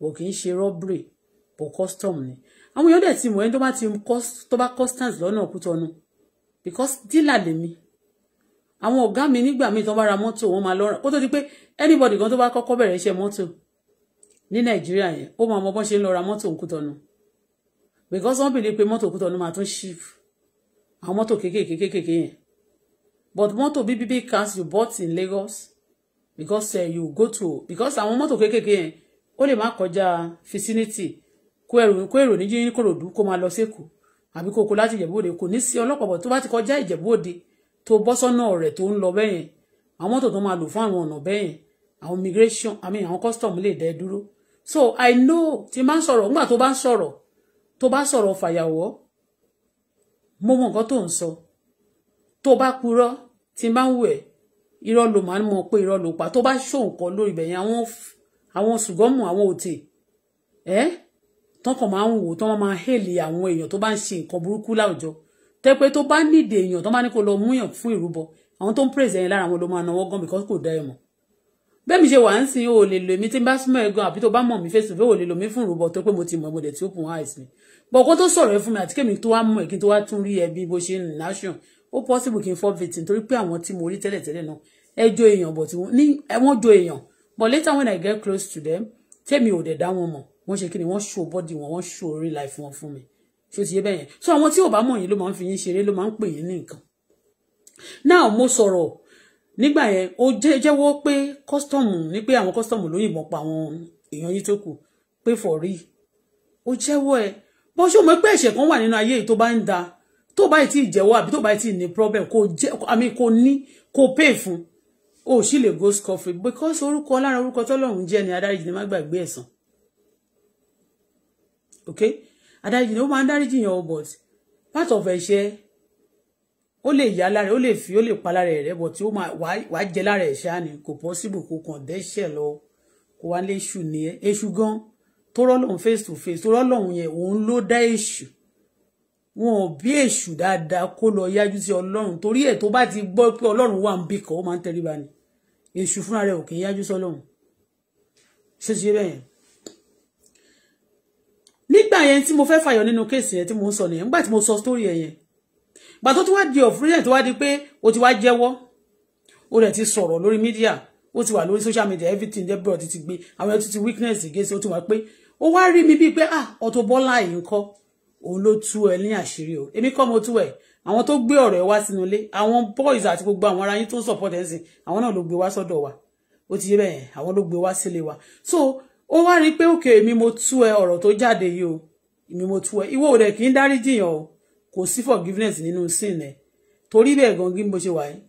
wò kì í ṣe robbery bò custom ni àwọn èèyàn dẹ̀ ti mọ̀ ẹni tó bá ti tó bá constant lọ́nà òkútọ́nu because dílà lèmi àwọn ọ̀gá mi nígbà míì tó bá ra mọ́tò wọ́n máa lọ́ra kó tó di pé anybody kan tó bá kọ́kọ́ bẹ̀rẹ̀ iṣẹ́ mọ́tò ní nàìjíríà yẹn ó máa mọ bọ́n ṣe ń lọ ra mọ́tò òkútọ́nu because wọ́n believe pé mọ́tò òkútọ́nu máa tún ship àwọn mọ́tò kéékèèké kéékèèké yẹn but mọ́tò bbb cars you bought in Lagos because uh, you go to because àwọn mọ́tò kéékèèké yẹn ó lè má kọjá vicinity kó ẹrù kó èrò ní yín kòròdú kó máa lọ sékòó àbí kó kó láti ìjẹ̀bú òde kò ní sí ọlọ́pàá bọ̀ tó bá ti kọjá ìjẹ̀bú òde tó bọ́ sọ́nà rẹ̀ tó ń lọ bẹ́yẹn àwọn mọ́tò tó máa lò fún àwọn ọ̀nà bẹ́yẹn àwọn immigration àmì àwọn custom lè dẹ́ dúró so i know tí máa ń sọ̀rọ̀ nígbà tó bá ń sọ̀rọ̀ tó bá sọ̀rọ̀ fàyàwọ́ mo mọ nǹkan tó ń sọ tó bá purọ́ tí máa ń wẹ̀ irọ́ ló máa ń mọ pé irọ́ ló pa tó bá ṣó nǹkan lórí ibẹ̀ yẹn àwọn àwọn àwọn òtè ẹ́ tán kàn máa ń wò tán máa hèlè àwọn èèyàn tó bá ń ṣe nǹkan burúkú láwùjọ tẹ́ pé tó bá nídìí èèyàn tán bá ní kó lọ múyàn fún ìrúbọ àwọn tó ń praise yẹn lára àwọn ló máa náwó gan because kò dá ẹ mọ̀ bẹ́ẹ̀ mi ṣe wà ń sin òòlè lò mí tí n bá súnmọ́ ẹ gan àbí tó bá mọ̀ mí fèsì fẹ́ òòlè lò mí fún ìrúbọ tó pé mo ti mọ̀ ẹ̀mọ̀dẹ̀ tí ó kùn áìsì ni bọ̀ kó tó sọ̀rọ̀ ẹ fún mi àti kémi tó wá mọ̀ ẹ kí n tó wá tún rí ẹ bí bó ṣe ń nation ó possible kí n fọ́ victim torí pé àwọn tí mo rí tẹ́lẹ̀tẹ́lẹ̀ náà ẹ jó èèyàn bọ̀ tí wọ́n jó èèyàn but later when I get close to them tẹ́mi ò dẹ̀ dá wọn mọ̀ wọ́n ṣe kí ni wọ́n show body wọn wọ́n show real life wọn fún mi ṣó ti yé bẹ́ẹ̀ so àwọn tí ò bá mọ̀ yín ló máa ń fi yín ṣeré ló máa ń pè yín ní nǹkan now mo sọ̀rọ̀ nígbà yẹn ó jẹ́wọ́ pé kọ́sítọ́ọ̀mù ní pé àwọn kọ́sítọ́ọ̀mù ló yìnbọn pa àwọn èèyàn yín tó kù pé for real ó jẹ́wọ́ ẹ bó ṣe mọ̀ pé ẹ̀ṣẹ̀ kan wà nínú ayé yìí tó bá ń da tó bá ti jẹ́wọ́ àbí tó bá ti ní problem kò jẹ́ àmì kò ní kò pay fún o sì lè go score because orúkọ lára orúkọ tọ́lọ́run jẹ́ ni adáríjì ni má gbàgbé ẹ̀san okay adáríjì ó máa ń dáríjì yàn o but part of ẹ̀ṣẹ̀ ó lè yá lára ó lè fi ó lè pa lára rẹ̀ but ó máa wá jẹ lára ẹ̀ ṣáà ni kò possible kò kàn dẹ́ṣẹ̀ lọ kó wá lé èṣù ni ẹ èṣù gan tó rọ́lọ́hún face to face tó rọ́lọ́hún yẹn òun ló dá èṣù wọn ò bí èṣù dáadáa kó lọ yájú sí ọlọ́run torí ẹ̀ tó bá ti gbọ́ pé ọlọ́run wà ń bì kan ó máa ń tẹríba ni èṣù fúnra rẹ̀ ò kì í yájú sọ́lọ́run ṣé ṣe bẹ́ẹ̀ yẹn nígbà yẹn tí mo fẹ́ fàyọ nínú kéèsì yẹn tí mo ń sọ nìyẹn nígbà tí mo sọ sítórì ẹ̀ gbà tó ti wá di ọ̀fúrẹ́yìn tó wá di pé o ti wá jẹ́wọ́ o rẹ̀ ti sọ̀rọ̀ lórí mídíà ó ti wà lórí social media everything dẹ́ bọ́ọ̀ ti ti gbé àwọn ẹtú ti weakness against ó ti wà pé ó wá rí mi bíi pé ah Auto Bola yìí ń kọ́ òun ló tú ẹ ní àṣírí o èmi kọ́ mo tú ẹ̀ àwọn tó gbé ọ̀rọ̀ ẹ wá sínú ilé àwọn boys àti gbogbo àwọn ará yín tó ń support ẹ̀ sìn àwọn náà ló gbé wá sọ́dọ̀ wa ó ti yé bẹ́ẹ̀ àwọn ló gbé wá sílé wa so ó wá rí i pé òkè èmi mo tú ẹ ọ̀rọ̀ tó jáde yìí o èmi mo tú ẹ ìwọ òde kì í dárí jìyàn o kò sí forgiveness nínú sin ẹ torí bẹ́ẹ̀ gan gí mo ṣe wà yìí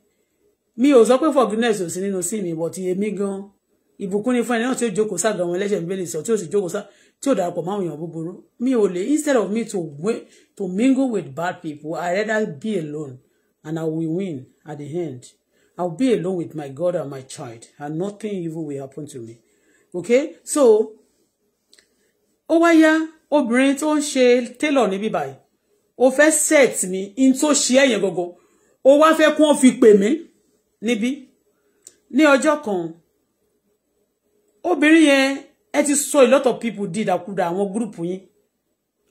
mi ò sọ pé forgiveness ò sí nínú sin mi but èmi gan ìbùkún ni fún ẹni náà tí ó jókòó sága wọn ẹlẹ́ṣẹ̀ bíbélì sọ tí ó sì jókòó sá tí ó darapọ̀ máwọn èèyàn búburú mi ò lè instead of me to win to mingle with bad people I rather be alone and I will win at the end I will be alone with my God and my child and nothing evil will happen to me okay so ó wá yá obìnrin tó ń ṣe tailor níbí báyìí ó fẹ́ set mi in tó ṣe ẹ̀yẹ̀ gọ́gọ́ ó wá fẹ́ kún ó fi pè mí níbí ní ọjọ́ kan obìnrin yẹn ẹ ti sọ a lot of people dìdàkudà àwọn gúrùpù yín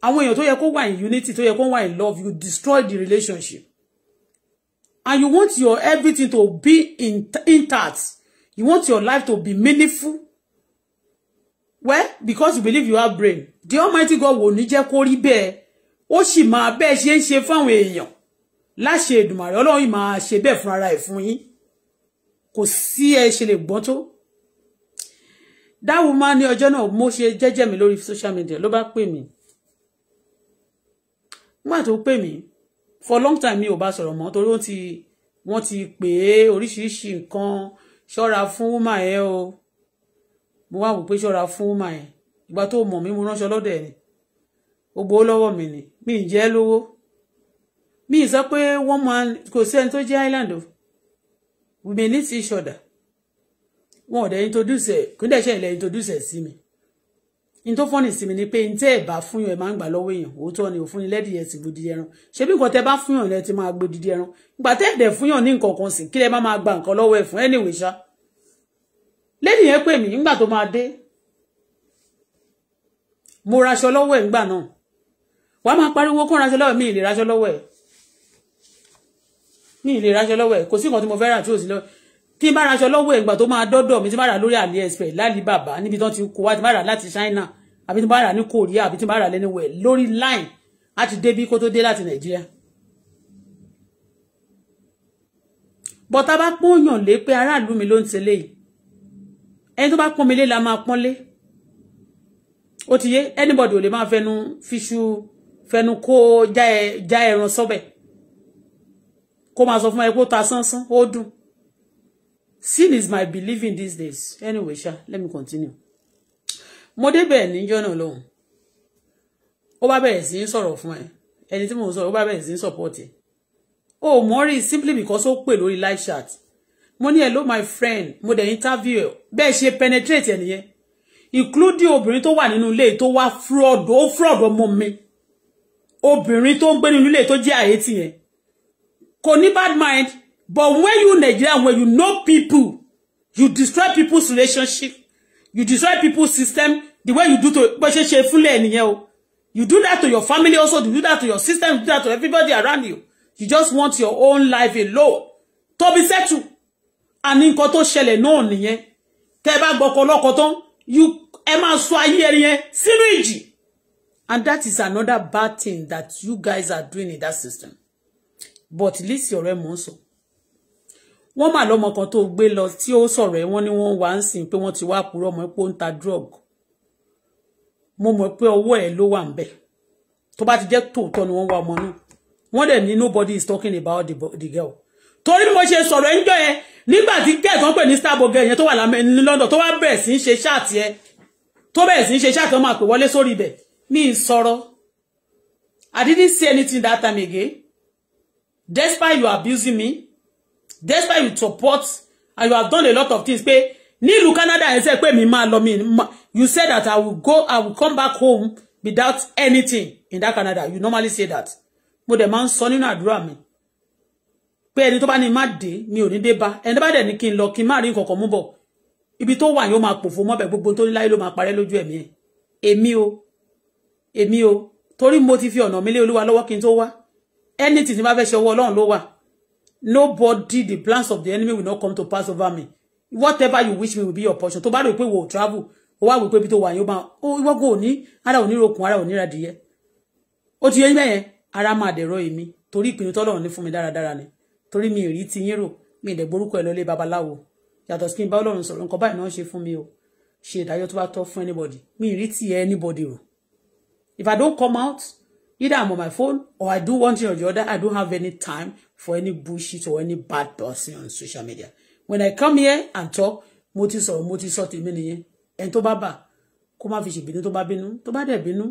àwọn èèyàn tó yẹ kó wà in unity tó yẹ kó wà in love you destroy the relationship and you want your everything to be intact you want your life to be meaningful well because you believe you have brain the almighty god wò ní jẹ́ kó rí bẹ́ẹ̀ ó sì máa bẹ́ẹ̀ ṣe ń ṣe fáwọn èèyàn láṣẹ Èdùmàrè Ọlọ́run yìí máa ṣe bẹ́ẹ̀ fún ara ẹ̀ fún yín kò sí ẹ ṣe lè gbọ́n tó dáwùmá ní ọjọ́ náà mo ṣe jẹ́jẹ́ mi lórí social media ló bá pè mí nígbà tó pè mí for long time mi ò bá sọ̀rọ̀ mọ́ torí wọ́n ti pè é oríṣiríṣi nǹkan ṣọ́ra fún wúmà ẹ o mo wá wò pé ṣọ́ra fún ọmọ yẹn ìgbà tó mọ̀ mí mo ránṣọ lọ́dẹ̀ ni ó gbowó lọ́wọ́ mi ni mi ì jẹ́ lówó mi ì sọ pé wọ́n máa kò sí ẹni tó jẹ́ island o we may need each other wọn ò dẹ̀ introduce ẹ̀ kò dẹ̀ ṣe ilẹ̀ introduce ẹ̀ sí mi in tó fọ́nì sí mi ni pé n tẹ́ ẹ̀ bá fún yàn ẹ̀ máa ń gbà lọ́wọ́ èèyàn òótọ́ ni òfun ilẹ̀ dìyẹ sì gbòdìdì ẹran ṣé bí nǹkan tẹ́ bá fún yàn ẹ̀ ti máa gbòdìdì ẹran ìgbà tẹ́ fún yàn ní nǹkan kan sì kí lẹ́ má máa gba nǹkan lọ́wọ́ ẹ̀ fún anyway ṣá lẹ́yìn yẹn pè mí nígbà tó máa dé mo raṣọ lọ́wọ́ ẹ̀ nígbà náà wàá máa pariwo kó raṣọ lọ́wọ́ mi ì lè raṣọ lọ́wọ́ ẹ̀ mi ì lè raṣọ lọ́wọ́ ẹ̀ kò sí nǹkan tí mo fẹ́ rà tí ò sí lọ́wọ́ tí n bá raṣọ lọ́wọ́ ẹ̀ nígbà tó máa dọ́dọ̀ mi tí bá rà lórí AliExpress lálibàbà níbi tí wọ́n ti kó wá tí bá rà láti China àbí tí bá rà ní Korea àbí tí bá rà lẹ́nuwẹ̀ lórí line láti débí kó tó dé láti Nàìjíríà. bọ́tà bá pọ́nyàn lé pé aráàlú mi ló ń tẹ̀lé yìí ẹni tó bá pọ́n mi lé la máa pọ́n lé ó ti yé anybody ò lè máa fẹnu fiṣu fẹnu kó já ẹran sọ́bẹ̀ kó máa sọ fún ẹ kó ta sánsán ó dùn sin is my belief in these days anyway ṣá let me continue mo débẹ̀ níjọ́ náà lọ́hùn ó bá bẹ̀rẹ̀ sí í sọ̀rọ̀ fún ẹ ẹni tí mò ń sọ ó bá bẹ̀rẹ̀ support ẹ o mọ̀ simply because ó pè lórí live chat Money ní hello my friend mo dẹ̀ interview ẹ̀ she ṣe penetrate ẹ̀ nìyẹn including obìnrin tó wa nínú ilé tó wá fraud ó fraud ọmọ mi obìnrin tó ń gbé nínú ilé tó jẹ́ àyètì yẹn kò bad mind but when you Nigeria when you know people you destroy people's relationship you destroy people's system the way you do to bó she ṣe fúnlẹ̀ nìyẹn o you do that to your family also you do that to your system you do that to everybody around you you just want your own life alone to be settled àní nǹkan tó ṣẹlẹ̀ náà nìyẹn tẹ́ bá gbọ́kọ lọ́kọ tán ẹ máa sọ ayé ẹni yẹn sínú ìjì and that is another bad thing that you guys are doing in that system but lisi ọ̀rẹ́ mò ń sọ wọ́n mà lọ́mọ kan tó gbé lọ tí ó sọ̀rọ̀ ẹ̀ wọ́n ní wọ́n wá ń sìn pé wọ́n ti wá purọ́ ọmọ epo ń ta drug mo mọ̀ pé ọwọ́ ẹ̀ ló wà ń bẹ̀ tó bá ti To tòótọ́ ni wọ́n wá ọmọ náà wọ́n dẹ̀ ní nobody is talking about the, the girl torí bí mo ṣe sọ̀rọ̀ ẹ̀ ń jọ nígbà tí gẹ́ẹ̀ pè ní starboy gẹ́ẹ̀ tó wà ní London tó wá bẹ̀rẹ̀ sí ṣe ṣáàtì ẹ tó bẹ̀rẹ̀ sí ṣe ṣáàtì ọmọ àpè wọlé sórí ibẹ̀ ní ìsọ̀rọ̀ I didn't say anything that time again despite you abusing me despite you support and you have done a lot of things pé ní ìlú Canada ẹ sẹ pé mi máa lọ mi you said that I will go I will come back home without anything in that Canada you normally say that mo dẹ̀ máa ń sọ nínú àdúrà mi pé ẹni tó bá ní má dé mi ò ní dé bá ẹni bá dẹ̀ ní kí n lọ kí n má rí nǹkan kan mú bọ̀ ibi tó wà yóò máa pòfo mọ́bẹ̀ gbogbo tó ní láyé ló máa parẹ́ lójú ẹ̀mí ẹ̀ èmi o èmi o torí mo ti fi ọ̀nà mi lé olúwa lọ́wọ́ kí n tó wá anything tí n bá fẹ́ ṣe ọwọ́ ọlọ́run ló wà nobody the plans of the enemy will not come to pass over me whatever you wish me will be your portion tó bá rò pé wò ó travel ó wá wò pé ibi tó wà yóò máa ó wọ́gò òní ara òní rokùn ara òní radìyẹ ó ti yẹ yín bẹ́yẹn ara máa dẹ̀rọ èmi torí ìpinnu tọ́lọ́run ní fún mi dáradára ni torí mi ò rí ti yín rò mi ì dẹ̀ gborúkọ ẹ̀ lọ́lé babaláwo yàtọ̀ sí kí n bá ọlọ́run sọ̀rọ̀ nǹkan báyìí náà ṣe fún mi o ṣe ìdájọ́ tó bá tọ́ fún anybody mi ì rí ti anybody rò if i don't come out either i'm on my phone or i do one thing or the other i don't have any time for any bullshit or any bad person on social media when i come here and talk mo ti sọ̀rọ̀ mo ti sọ tèmi nìyẹn ẹni tó bá bà kó má fi ṣèbínú tó bá bínú tó bá dẹ̀ bínú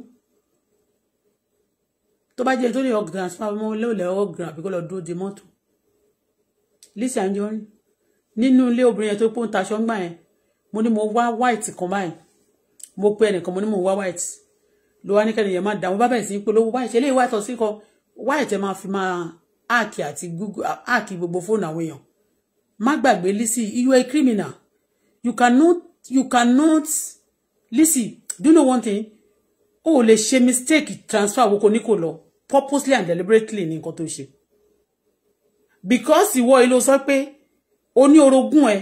tó bá jẹ́ tó lè hug grand spam mo lè hug grand àbíkó lọ dúró de mọ́tò Lizzy Anjorin nínú ilé obìnrin yẹn tó pọ́n taṣọ ń gbà yẹn mo ní mo wá white kan báyìí mo pe ẹnìkan mo ní mo wá white ló wá ní kẹ́ni yẹn máa dà mo bá bẹ̀rẹ̀ sí í polówó white eléyìí white ọ̀sìn kan white ẹ̀ máa fi máa áàkì àti google áàkì gbogbo fóònù àwọn èèyàn má gbàgbé Lizzy you are a criminal you cannot you cannot Lizzy do you know one thing o ò lè ṣe mistake transfer owó kò ní kò lọ purposely and deliberately ní nǹkan tó ṣe because ìwọ yìí ló sọ pé o ní orogún ẹ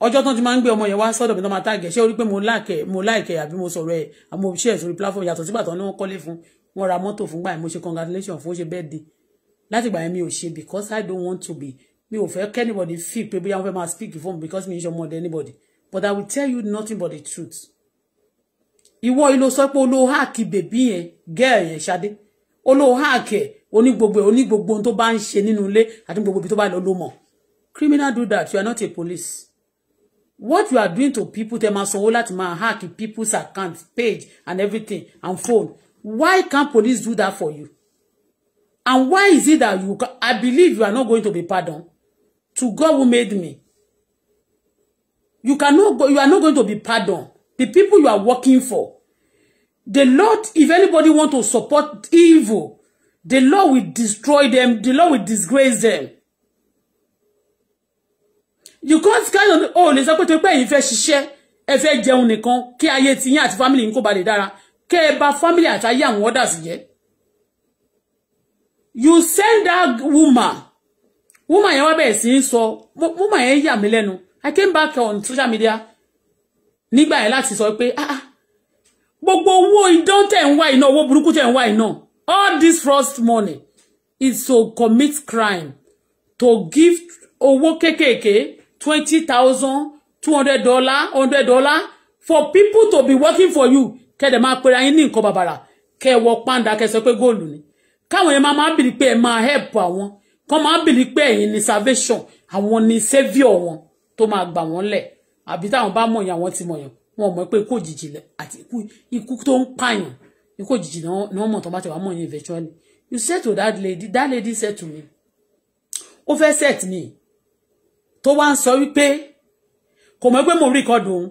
ọjọ́ tán ti máa ń gbé ọmọ yẹn wá sọ́dọ̀ mi tán máa tàgẹ̀ ṣé o rí pé mo láìkẹ́ mo láìkẹ́ àbí mo sọ̀rọ̀ ẹ̀ àmọ́ ṣe ẹ̀ sórí platform yàtọ̀ sígbà tán ni wọ́n kọ́lé fún wọn ra mọ́tò fúngbà yẹn mo ṣe congratulation fún ó ṣe birthday láti gbà yẹn mi ò ṣe because I don't want to be mi ò fẹ́ kẹ́ anybody feel pé bóyá wọ́n fẹ́ máa speak fún mi because mi ń ṣe ọmọdé anybody but I will tell you nothing but the truth. ìwọ yìí ló sọ pé olóhàkì bèbí yẹn gẹ́ẹ̀ yẹn ṣadé olóhàkì ẹ̀ oní gbogbo oní gbogbo to tó bá ń ṣe nínú ilé àti gbogbo ibi tó bá lọ ló mọ̀ criminal do that you are not a police what you are doing to people tẹ́ máa sanwó láti máa hack people's account page and everything and phone why can't police do that for you and why is it that you I believe you are not going to be pardoned to God who made me you cannot go you are not going to be pardoned the people you are working for the Lord if anybody want to support evil The Lord will destroy them. The Lord will disgrace them. You can't carry on. Oh, lè sọ pé tó pé ẹ̀yin fẹ́ ṣiṣẹ́, ẹ fẹ́ jẹun nìkan, kí ayé ti yín àti family yín kó ba lè dára. Kẹ́ ẹ ba family àti ayé àwọn others jẹ́. You send that woman. Woman yẹn wá bẹ̀ sí sọ, woman yẹn yà mí lẹ́nu. I came back on social media nígbà yẹn láti sọ pé ah, ah gbogbo owó idán tẹ̀ ń wá iná owó burúkú tẹ̀ ń wá iná All this first money is to commit crime, to give owó kékèké twenty thousand two hundred dollar hundred dollar for people to be working for you kẹ́dẹ̀ máa pèrè ayé ní nǹkan bàbàrà kẹ́ wọ pàǹdà kẹ́ sọ pé góòlù ni káwọn yẹn máa máa bìlí pé ẹ máa help àwọn kán máa bìlí pé ẹ̀yin ni salvation àwọn ni saviour wọn tó máa gbà wọ́n lẹ̀ àbí táwọn bá mọ̀yàn àwọn ti mọ̀yàn wọn mọ̀ pé kò jìjì lẹ̀ àti ikú tó ń pààyàn ikú òjijì ni wọ́n mọ̀ tó bá ti wà mọ̀ yẹn eventually you said to that lady that lady said to me ó fẹ́ set me tó wá ń sọ wípé kò mọ̀ pé mo record òun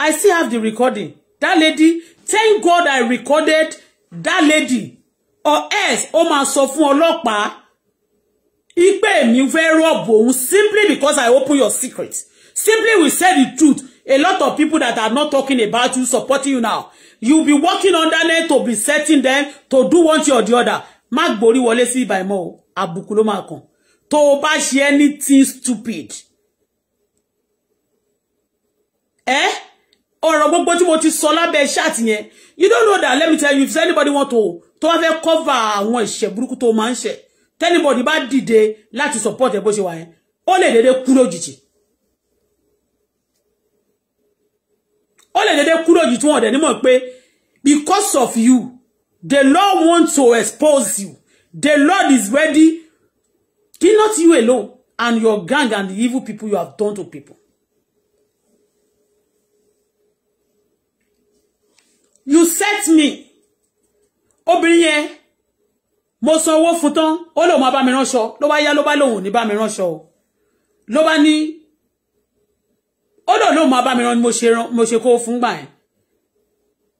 I still have the recording that lady thank God I recorded that lady or else ó máa sọ fún ọlọ́pàá ipe mi fẹ́ rọ̀bù òun simply because I open your secret simply we say the truth a lot of people that are not talking about you supporting you now you be working under them to be setting them to do one thing or the other Mark Bori wọlé sí ibà ìmọ̀ o àbùkù ló máa kàn anything stupid ẹ ọ̀rọ̀ gbogbo tí mo ti sọ lábẹ́ ṣáàtì yẹn you don't know that let me tell you if anybody want to to have a cover àwọn to burúkú tó máa ń ṣẹ̀ tẹ́nibọ̀dì bá dìde láti support ẹ̀ bó ṣe wà yẹn ó lè dédé kú lójijì ó lè dédé kúrò jù tí wọ́n dẹ̀ nímọ̀ pé because of you the Lord wants to expose you the Lord is ready do not you alone and your gang and the evil people you have done to people. you set me obìnrin yẹn mo san owó fún tán ó lòun máa bá mi ránṣọ ló bá yá ló bá lòun ò ní mi ránṣọ o ló bá ó lò lóun máa bá mi rán ni mo ṣe kó fún gbà yẹn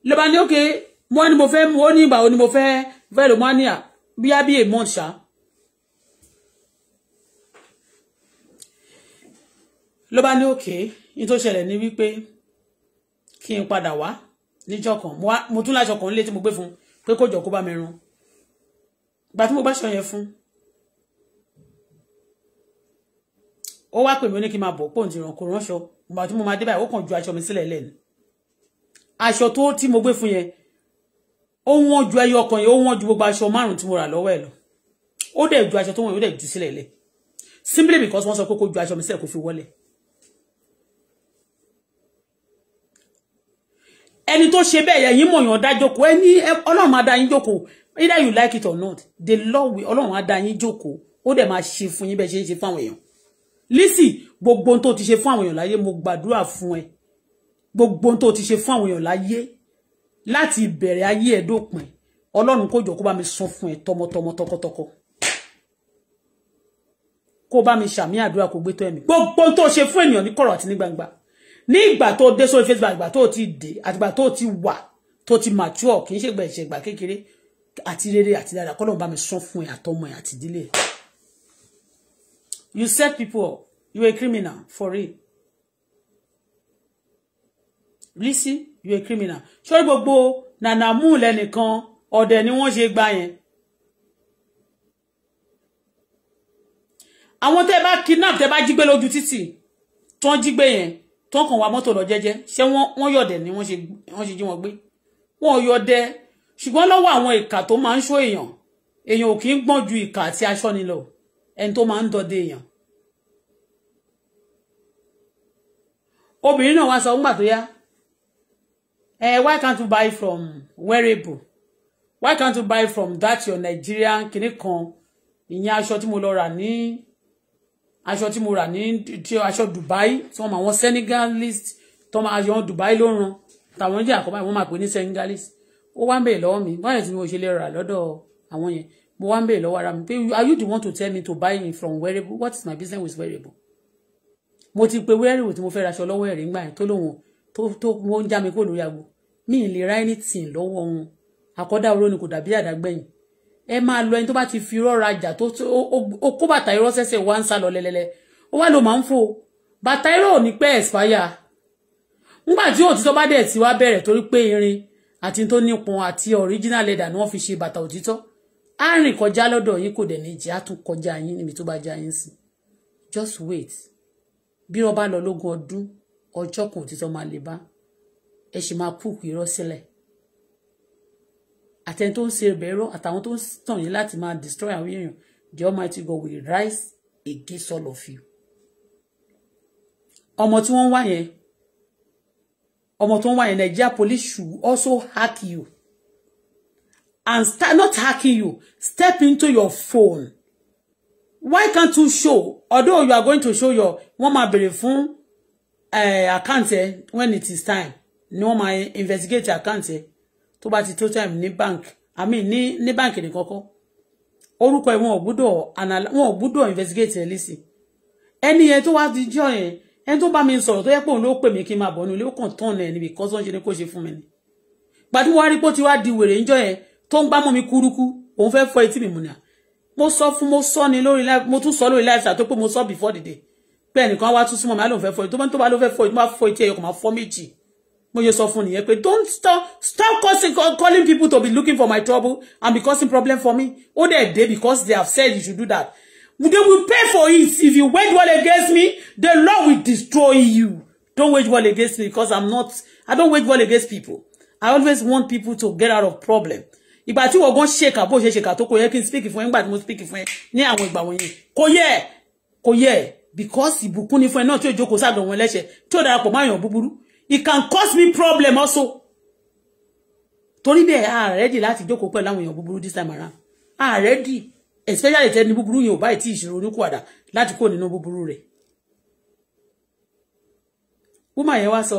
ló bá ní òkè wọn ni mo fẹ́ ó ní ìgbà ó ní mo fẹ́ fẹ́ ló máa ní à bíyá bí èèmọ ṣá. ló bá ní òkè ní tó ṣẹlẹ̀ ní wípé kí n padà wá níjọ́ kan mo tún láṣọ kan nílé tí mo gbé fún pé kó jọ kó bá mi rán gbà tí mo bá ṣọ yẹn fún ó wá pè mí ó ní kí n máa bọ̀ pòun ti ràn kò ránṣọ ìgbà tí mo máa dé báyìí ó kàn ju aṣọ mi sílẹ̀ lẹ́nu aṣọ tó tí mo gbé fún yẹn ó wọ́n ju ẹyọ ọkàn yẹn ó wọ́n ju gbogbo aṣọ márùn tí mo rà lọ́wọ́ ẹ̀ lọ ó dẹ̀ ju aṣọ tó wọ̀nyí ó dẹ̀ ju sílẹ̀ lẹ̀ simply because wọ́n sọ pé kó ju aṣọ mi sílẹ̀ kó fi wọlé ẹni tó ṣe bẹ́ẹ̀ yẹn yín mọ̀yàn dá jókòó ẹni ọlọ́run máa dá yín jókòó either you like it or not the law ọlọ́run á dá yín jókòó ó dẹ̀ máa ṣe fún yín bẹ́ẹ̀ ṣe ń ṣe fún èèyàn Lisi gbogbo ohun tó ti ṣe fún àwọn èèyàn láyé mo gbàdúrà fún ẹ gbogbo ohun tó ti ṣe fún àwọn èèyàn láyé láti ìbẹ̀rẹ̀ ayé ẹ̀ dópin ọlọ́run kó jọ kó bá mi san fún ẹ tọmọtọmọ tọkọtọkọ kó bá mi ṣàmì àdúrà kó gbé tó ẹ̀mí gbogbo ohun tó ṣe fún ènìyàn ní kọ̀rọ̀ àti gbangba ní ìgbà tó dé sórí Facebook ìgbà tó ti dé àtìgbà tó ti wà tó ti mature kì í ṣègbà ìṣègbà kékeré àti rere àti dáadáa kọ́lọ́run bá mi san fún ẹ àtọmọ ẹ àti ìdílé ẹ. You set people up. You're a criminal, for real. Listen, you're a criminal. Ṣọ́rí gbogbo nànàmú lẹ́nìkan ọ̀dẹ̀ ni wọ́n ṣe gbà I want to bá kidnap tẹ́ bá jibelo lójú títì tán jígbé yẹn tán kàn wá mọ́tò lọ jẹ́jẹ́ ṣé wọ́n yọ̀dẹ̀ ni wọ́n ṣe jí wọn gbé. Wọ́n yọ̀dẹ̀ ṣùgbọ́n lọ́wọ́ àwọn ìkà tó máa ń ṣó èèyàn èèyàn ò kì í gbọ́n ju ìkà àti aṣọ́ni lọ ẹni tó máa ń dọdẹ èèyàn obìnrin náà wá sọ ńgbà tó yá ẹ why can't you buy from wearable why can't you buy from that your Nigerian kinní kan ìyẹn aṣọ tí mo lọ rà ní aṣọ tí mo rà ní tí aṣọ Dubai tí wọ́n mọ àwọn Senegalese tí wọ́n mọ aṣọ Dubai ló ràn tàwọn jẹ àkọ́bá wọ́n máa pè ní Senegalese ó wá ń bèèrè lọ́wọ́ mi báyọ̀ tí mo ṣe lè rà lọ́dọ̀ àwọn yẹn mo wá ń bèèrè are you the one to tell me to buy in from wearable what is my business with wearable Moti pe wearable tí mo fẹ́ raṣọ lọ́wọ́ ẹ̀rí ńgbà to tó lóun tó tó wọ́n ń já mi kó lórí agbo mi ì lè ra anything lọ́wọ́ wọn àkọ́dá oró ni kò dàbí àdágbẹ̀yìn ẹ máa lọ ẹni tó bá ti fi irọ́ rajà tó ó kó bàtà irọ́ sẹ́sẹ̀ wá ń sá lọ lẹ́lẹ́lẹ́ ó wá ló máa ń fò bàtà irọ́ ò ní pẹ́ expire ńgbà tí òtítọ́ bá ti wá bẹ̀rẹ̀ torí pé irin àti tó nípọn àti original leather ni wọ́n fi ṣe bàtà òtítọ́ á rìn kọjá lọ́dọ̀ yín kò dẹ̀ ní jẹ́ á tún kọjá yín níbi tó bá já yín sí just wait bí wọ́n bá lọ lógún ọdún ọjọ́ kan òtítọ́ máa lè bá ẹ sì máa ma irọ́ sílẹ̀ àtẹni tó ń ṣe ìbẹ̀rọ àtàwọn tó ń tàn yín láti máa destroy àwọn èèyàn the almighty God will rise against all of you Omo tí wọ́n ń wá yẹn ọmọ tó ń wá Nigeria police should also hack you and start not hacking you step into your phone why can't you show although you are going to show your wọ́n máa béèrè fún eh, account ẹ when it is time No, my máa investigate account ẹ tó bá ti tó time ní bank i mean ní ní bank ní kọ́kọ́ orúkọ ẹ wọn ò gbúdọ̀ wọn ò gbúdọ̀ investigate ẹ listen. ẹni yẹn tó wá ti jọ yẹn ẹni tó bá mi sọ̀rọ̀ tó yẹ pé òun ló pè mí kí n máa bọ̀ ní ilé ó kàn tán ẹ̀ níbi ni kò ṣe fún mi ni gbàdúrà rí pé ti wá di wèrè ń jọ tó ń gbá mọ́ mi kúrúkú òun fẹ́ fọ́ etí mi mú ni à mo sọ fún mo sọ ni lórí live mo tún sọ lórí live ṣàtó pé mo sọ before the pé ẹnìkan wá tún súnmọ́ mi á fẹ́ fọ́ etí tó bá ló fẹ́ fọ́ etí tó bá fọ́ etí ẹ̀yọkọ̀ máa fọ́ méjì mo yẹ sọ fún nìyẹn pé don't stop stop causing calling people to be looking for my trouble and be causing problem for me ó dẹ̀ dé because they have said you should do that they will pay for it if you wage war against me the Lord will destroy you don't wage war against me because I'm not I don't wage war against people I always want people to get out of problem ìgbà tí wọ́n gan ṣèkà bó ṣe ṣèkà tó kò yẹ kí n speak fún ẹ nígbà tí mo speak fún ẹ ní àwọn ìgbà wọ̀nyẹn kò yẹ kò yẹ because ìbùkún ni fún ẹ náà tí ó jókòó sáàdọ̀ wọn lẹ́sẹ̀ tí ó darapọ̀ máa yàn búburú it can cause me problem also torí bẹ́ẹ̀ a ready láti jókòó pẹ̀lú àwọn èèyàn búburú this time around a ready especially tẹni búburú yẹn ò báyìí tí ìṣòro oníkùwàdà láti kó nínú búburú rẹ̀ wúmà yẹn wá sọ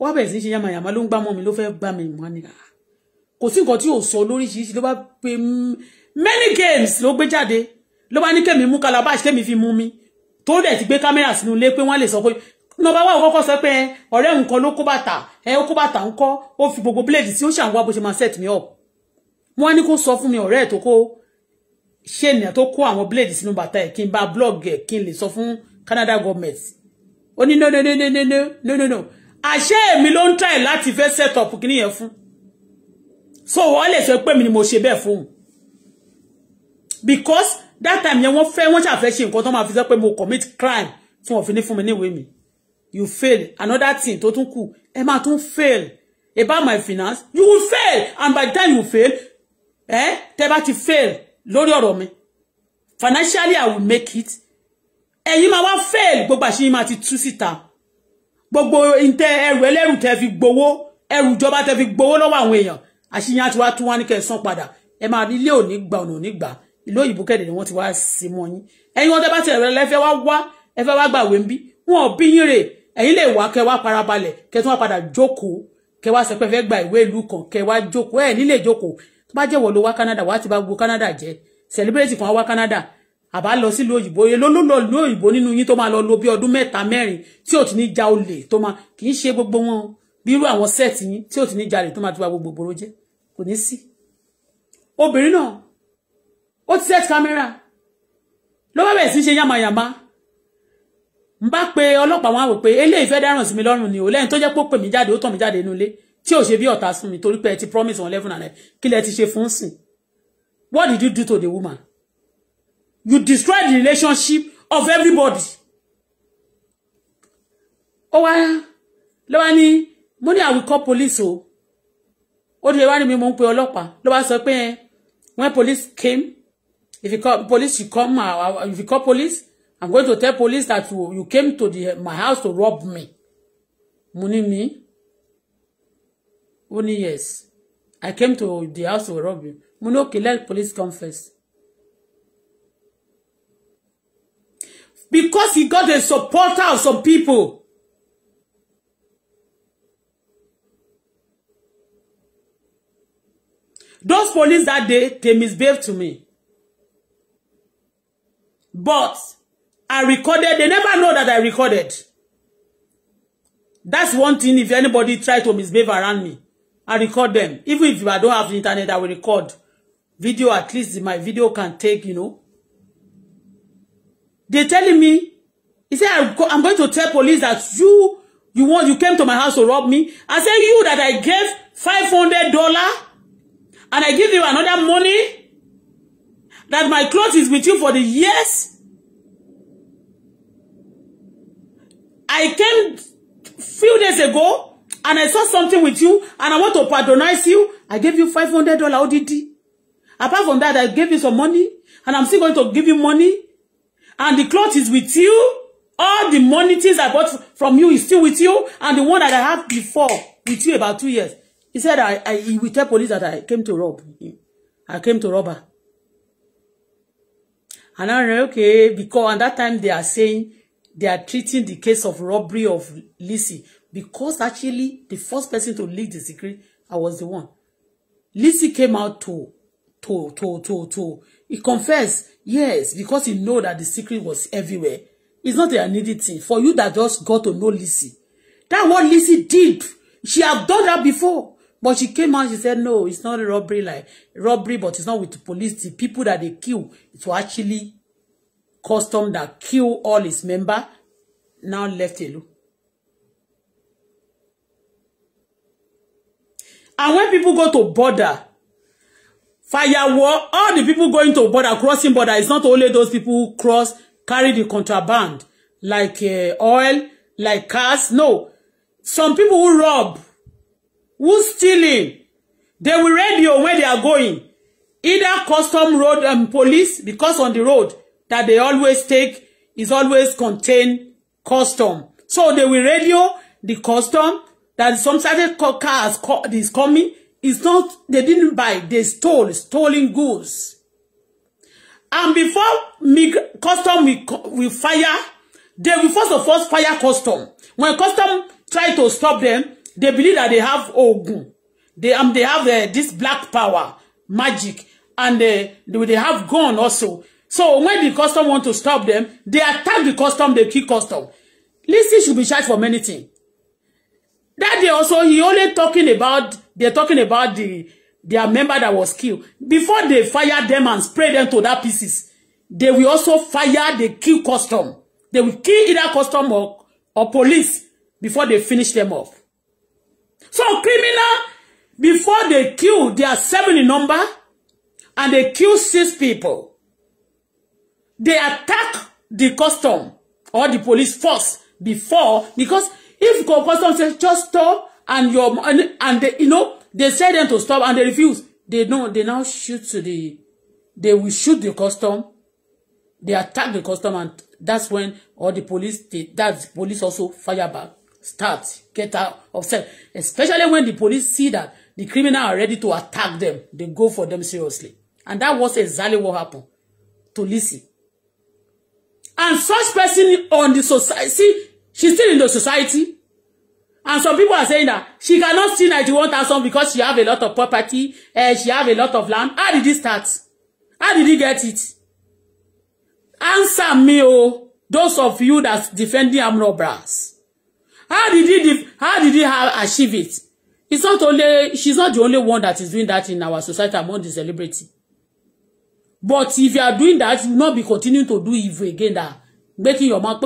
wọ́n bẹ̀rẹ̀ sí ṣe yàmàyàmá ló ń gbá mọ́ mi ló fẹ́ gbá mi mọ́ nìkan kò sí nǹkan tí ò sọ lóríṣiríṣi ló bá pe many games ló gbé jáde ló bá ní kẹ́mi mú calabash kẹ́mi fi mú mi tó dẹ̀ ti gbé kámẹ́rà sínú ilé pé wọ́n lè sọ pé nọmba wa kọ́kọ́ sọ pé ọ̀rẹ́ nǹkan ló kó bàtà ẹ ó kó bàtà ń kọ́ ó fi gbogbo blade sí ó ṣàwọn wá bó ṣe máa set me up wọ́n ní kó sọ fún mi ọ̀rẹ́ ẹ̀ tó kó ṣé ènìyàn tó kó àwọn blade sínú bàtà ẹ̀ kí n bá blog ẹ̀ kí n lè sọ fún Canada government ó ní no no no no no no no no àṣé èmi ló ń try láti fẹ́ set up kí nìyẹn so wọ́n lè sọ pé mi ni mo ṣe bẹ́ẹ̀ fún because that time yẹn wọ́n fẹ́ wọ́n ṣàfẹ́ ṣe nǹkan tó máa fi sọ pé mo commit crime tí wọ́n fi ní fún mi níwèé mi you fail another thing tó tún kù ẹ máa tún fail about my finance you will fail and by the time you fail eh tẹ́ bá ti fail lórí ọ̀rọ̀ mi financially i will make it ẹ̀yin máa wá fail gbogbo àṣírí máa ti tú síta gbogbo ẹrù ẹlẹ́rù tẹ́ fi gbowó ẹrù ìjọba tẹ́ fi gbowó lọ́wọ́ àwọn èèyàn àṣìyàn àti wá tún wá ní kẹsàn padà ẹ máa ní ilé òní gba ọ̀nà òní gbà ìlú òyìnbó kẹ̀dẹ̀ ni wọ́n ti wá sí mọ́ yín ẹ̀yin wọn tẹ́ bá tẹ̀rẹ̀ lẹ́fẹ́ wá wá ẹ fẹ́ wá gbàwé ń bí wọn ò bí yín rè ẹ̀yin lè wá kẹ wá parabalẹ̀ kẹ tún wá padà jókòó kẹ wá sọ pé fẹ́ gba ìwé ìlú kan kẹ wá jókòó ẹ̀ nílé jókòó tó bá jẹ́wọ́ ló wá Canada wá ti bá gbogbo Canada jẹ́ celebrate kan wá Canada àbá lọ sílùú òyìnbó èló ló lọ ìlú òyìnbó nínú yín tó máa lọ lo bí ọdún mẹ́ta mẹ́rin tí ò ti ní ja olè tó máa kì í ṣe gbogbo wọn bí irú àwọn sẹ́ẹ̀tì yín tí ò ti ní jalè tó máa ti bá gbogbo gbòòrò jẹ́ kò ní sí obìnrin náà ó ti set camera ló bá bẹ̀rẹ̀ sí ṣe yàmàyàmá n bá pe ọlọ́pàá wọn àwò pé eléyìí fẹ́ dáràn sí mi lọ́rùn ni ò lẹ́yìn tó jẹ́ pé ó pè mí jáde ó tàn mí jáde nínú ilé tí ò ṣe bí ọ̀tá sún mi torí pé ẹ ti promise wọn eleven and kí lẹ ti ṣe fún sìn what did you do to the woman you destroy the relationship of everybody ó wá lọ́wọ́ ní mo ní I will call police o. Oh ó ti wá ní mi mo ń pe ọlọ́pàá ló bá sọ pé when police came if you call police you come uh, uh, if you call police i'm going to tell police that you, you came to the, uh, my house to rob me mo ní mi ó ní yes i came to the house to rob you mo ní okay let police come first because he got a supporter of some people. Those police that day, they misbehaved to me. But I recorded, they never know that I recorded. That's one thing if anybody try to misbehave around me. I record them. Even if I don't have the internet, I will record video. At least my video can take, you know. They're telling me, he said, I'm going to tell police that you, you want, you came to my house to rob me. I said, you that I gave $500 And I give you another money that my cloth is with you for the years. I came few days ago and I saw something with you and I want to patronize you. I gave you $500 ODD. Apart from that, I gave you some money and I'm still going to give you money. And the cloth is with you. All the money things I bought from you is still with you and the one that I have before with you about two years. He said, I, I, he will tell police that I came to rob him. I came to rob her. And I'm like, okay, because at that time they are saying they are treating the case of robbery of Lizzy because actually the first person to leak the secret, I was the one. Lizzy came out to, to, to, to, to. He confessed, yes, because he know that the secret was everywhere. It's not a needed thing. For you that just got to know Lizzy. That what Lizzy did. She have done that before. But she came out, she said, no, it's not a robbery, like robbery, but it's not with the police. The people that they kill, it was actually custom that kill all his member, now left alone. And when people go to border, fire war. all the people going to border, crossing border, it's not only those people who cross, carry the contraband, like uh, oil, like cars, no. Some people who rob, who's stealing. They will radio where they are going. Either custom road and police, because on the road that they always take is always contain custom. So they will radio the custom that some certain car is coming. Is not, they didn't buy, they stole, stolen goods. And before mig custom we will fire, they will first of all fire custom. When custom try to stop them, They believe that they have Ogun. They um they have uh, this black power magic and uh, they, they have gun also. So when the custom want to stop them, they attack the custom, they kill custom. Lizzy should be charged for many things. That day also, he only talking about, they're talking about the their member that was killed. Before they fire them and spray them to that pieces, they will also fire, they kill custom. They will kill either custom or, or police before they finish them off. So criminal, before they kill, they are seven in number, and they kill six people. They attack the custom or the police force before, because if custom says just stop, and your and, and they, you know they say them to stop and they refuse, they know they now shoot to the, they will shoot the custom, they attack the custom, and that's when all the police they, that's police also fire back start get out of self especially when the police see that the criminal are ready to attack them they go for them seriously and that was exactly what happened to Lizzy and such person on the society see she's still in the society and some people are saying that she cannot see thousand because she have a lot of property uh, she have a lot of land how did it start how did he get it answer me oh those of you that's defending armed robbers How did he how did he have achieve it? It's not only she's not the only one that is doing that in our society among the celebrity. But if you are doing that, you will not be continuing to do evil again that making your mouth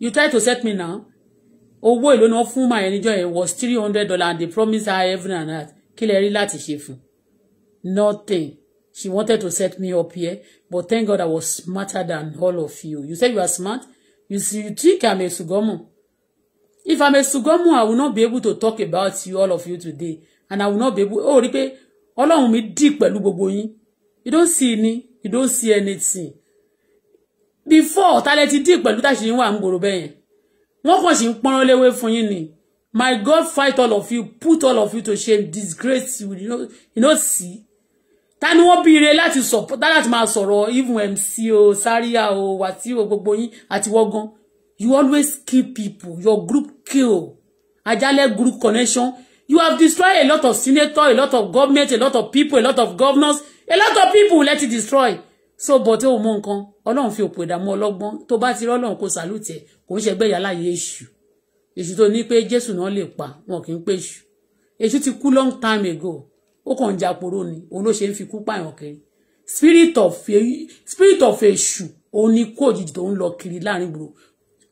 you try to set me now. Owó èlò náà fún my ẹnijọ́ yẹn was three hundred dollars and they promised her every and that kí lè Nothing. She wanted to set me up here but thank God I was smarter than all of you. You said you are smart? You see, you think I'm a Sugomu. If I'm a Sugomu, I will not be able to talk about you, all of you today. And I will not be able, oh, rí pé, Ọlọ́run mi dì pẹ̀lú You don't see me, you don't see anything. Before, ta lẹ ti dì pẹ̀lú tá ṣe ń wà My God fight all of you, put all of you to shame, disgrace you, you know, you know see ta ni wọ́n bíire láti support láti máa sọ̀rọ̀ even MC o Zaria o Wasiu o gbogbo yín àti wọ́gán you always kill people your group kill ajale group connection you have destroyed a lot of senator a lot of government a lot of people a lot of governors a lot of people let you destroy so but o mọ nǹkan Ọlọ́run fi òpò ìdààmú ọlọ́gbọ́n tó bá ti rí Ọlọ́run kó salute ẹ kò ń ṣẹgbẹ́ ìyá láyé èṣù èṣù tó ní pé Jésù náà lè pa wọn kì í pèṣù èṣù ti kú long time ago ó kàn ń poró ni òun ló ṣe ń fi kú pààyàn kiri spirit of spirit of èṣù òun ni kó òjijì tó ń lọ kiri láàrin gbòòrò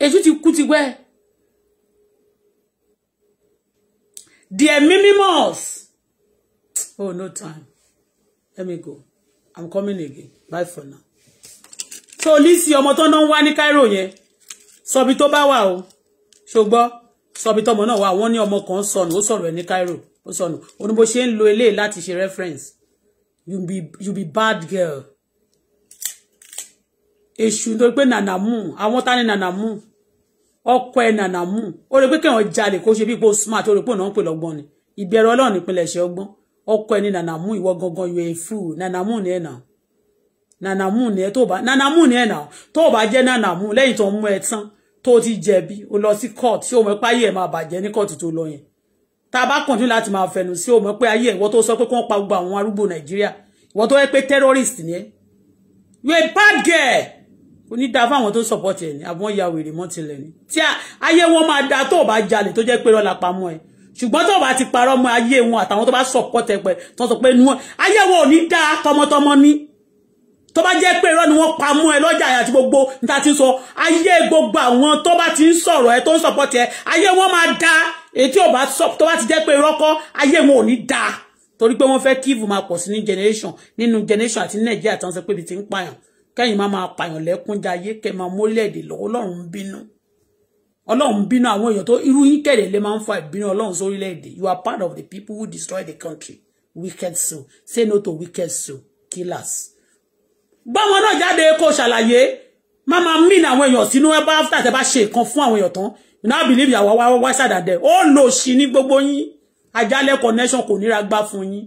èṣù ti kú ti wẹ́ the mimimus oh no time let me go i'm coming again bye for now so Lizzy ọmọ tó náà ń wá ní Cairo yẹn sọbi tó bá wà o ṣùgbọ́n sọbi tọmọ náà wà wọ́n ní ọmọ kan sọnù ó sọ̀rọ̀ ẹ̀ ní Cairo ó sọnù ó ní bó ṣe ń lo eléyìí láti ṣe reference you be you be bad girl èṣù tó pé nànàmù àwọn tá ní nànàmù ọkọ ẹ nànàmù ó rí pé kẹwọn jalè kó ṣe bí ipò smart ó rí pé òun pè lọ́gbọ́n ni ìbẹ̀rù Ọlọ́run nípìnlẹ̀ ẹ̀ṣẹ̀ ọgbọ́n ọkọ ẹ ní nànàmù ìwọ gangan yóò efu nànàmù ni ẹ nà nànàmù ni ẹ tó bá nànàmù ni ẹ nà tó bá jẹ nànàmù lẹ́yìn tó ń mú ẹ tán tó ti jẹ̀bi ó lọ sí court ṣé o mọ̀ ẹ páyé ẹ máa bàjẹ́ ní court tó lọ yẹn tá a bá continue láti máa fẹnu o mo pé ayé ìwọ tó sọ pé kí wọ́n pa gbogbo àwọn arúgbó nàìjíríà ìwọ tó yẹ pé terrorist ni ẹ you a bad girl onídàá fáwọn tó support e ni. àbọn ya wèrè mọ́ tilẹ̀ ni tí ayé wọn máa da tó ba bá jalè tó jẹ́ pé rọ́lá pamọ́ ẹ ṣùgbọ́n tó o ti parọ́ mọ́ ayé wọn àtàwọn tó ba support e pẹ́ tó sọ pé nu wọn ayé wọn ò ní dáa tọmọtọmọ tó bá jẹ́ pé irọ́ ni wọ́n pa mọ́ ẹ lọ́jà àti gbogbo níta ti ń sọ ayé gbogbo àwọn tó bá ti ń sọ̀rọ̀ ẹ tó ń sọ̀pọ̀ tiẹ̀ ayé wọn máa da ètí tó bá ti jẹ́ pé irọ́ kọ́ ayé wọn ò ní da torí pé wọ́n fẹ́ kí máa pọ̀ sí ní generation nínú generation àti nàìjíríà tí wọ́n sọ pé ibi ti ń pààyàn kẹ́yìn máa máa pààyàn lẹ́kúnjà ayé kẹ́ máa mólẹ̀ èdè lọ́wọ́ ọlọ́run bínú ọlọ́run bínú àwọn èèyàn tó irú yín kẹ̀lẹ̀ lè máa ń fa ìbínú ọlọ́run sórílẹ̀ èdè you are part of the people who destroy the country wicked soul say no to wicked soul killers gbọ́ wọn náà jáde kó ṣàlàyé má máa mìn àwọn èèyàn sínú ẹ after tẹ bá ṣe nǹkan fún àwọn èèyàn tán you now believe yàwá wá wá sàdàdẹ ó lò sí ní gbogbo yín Àjàlẹ̀ connection kò níra gbá fún yín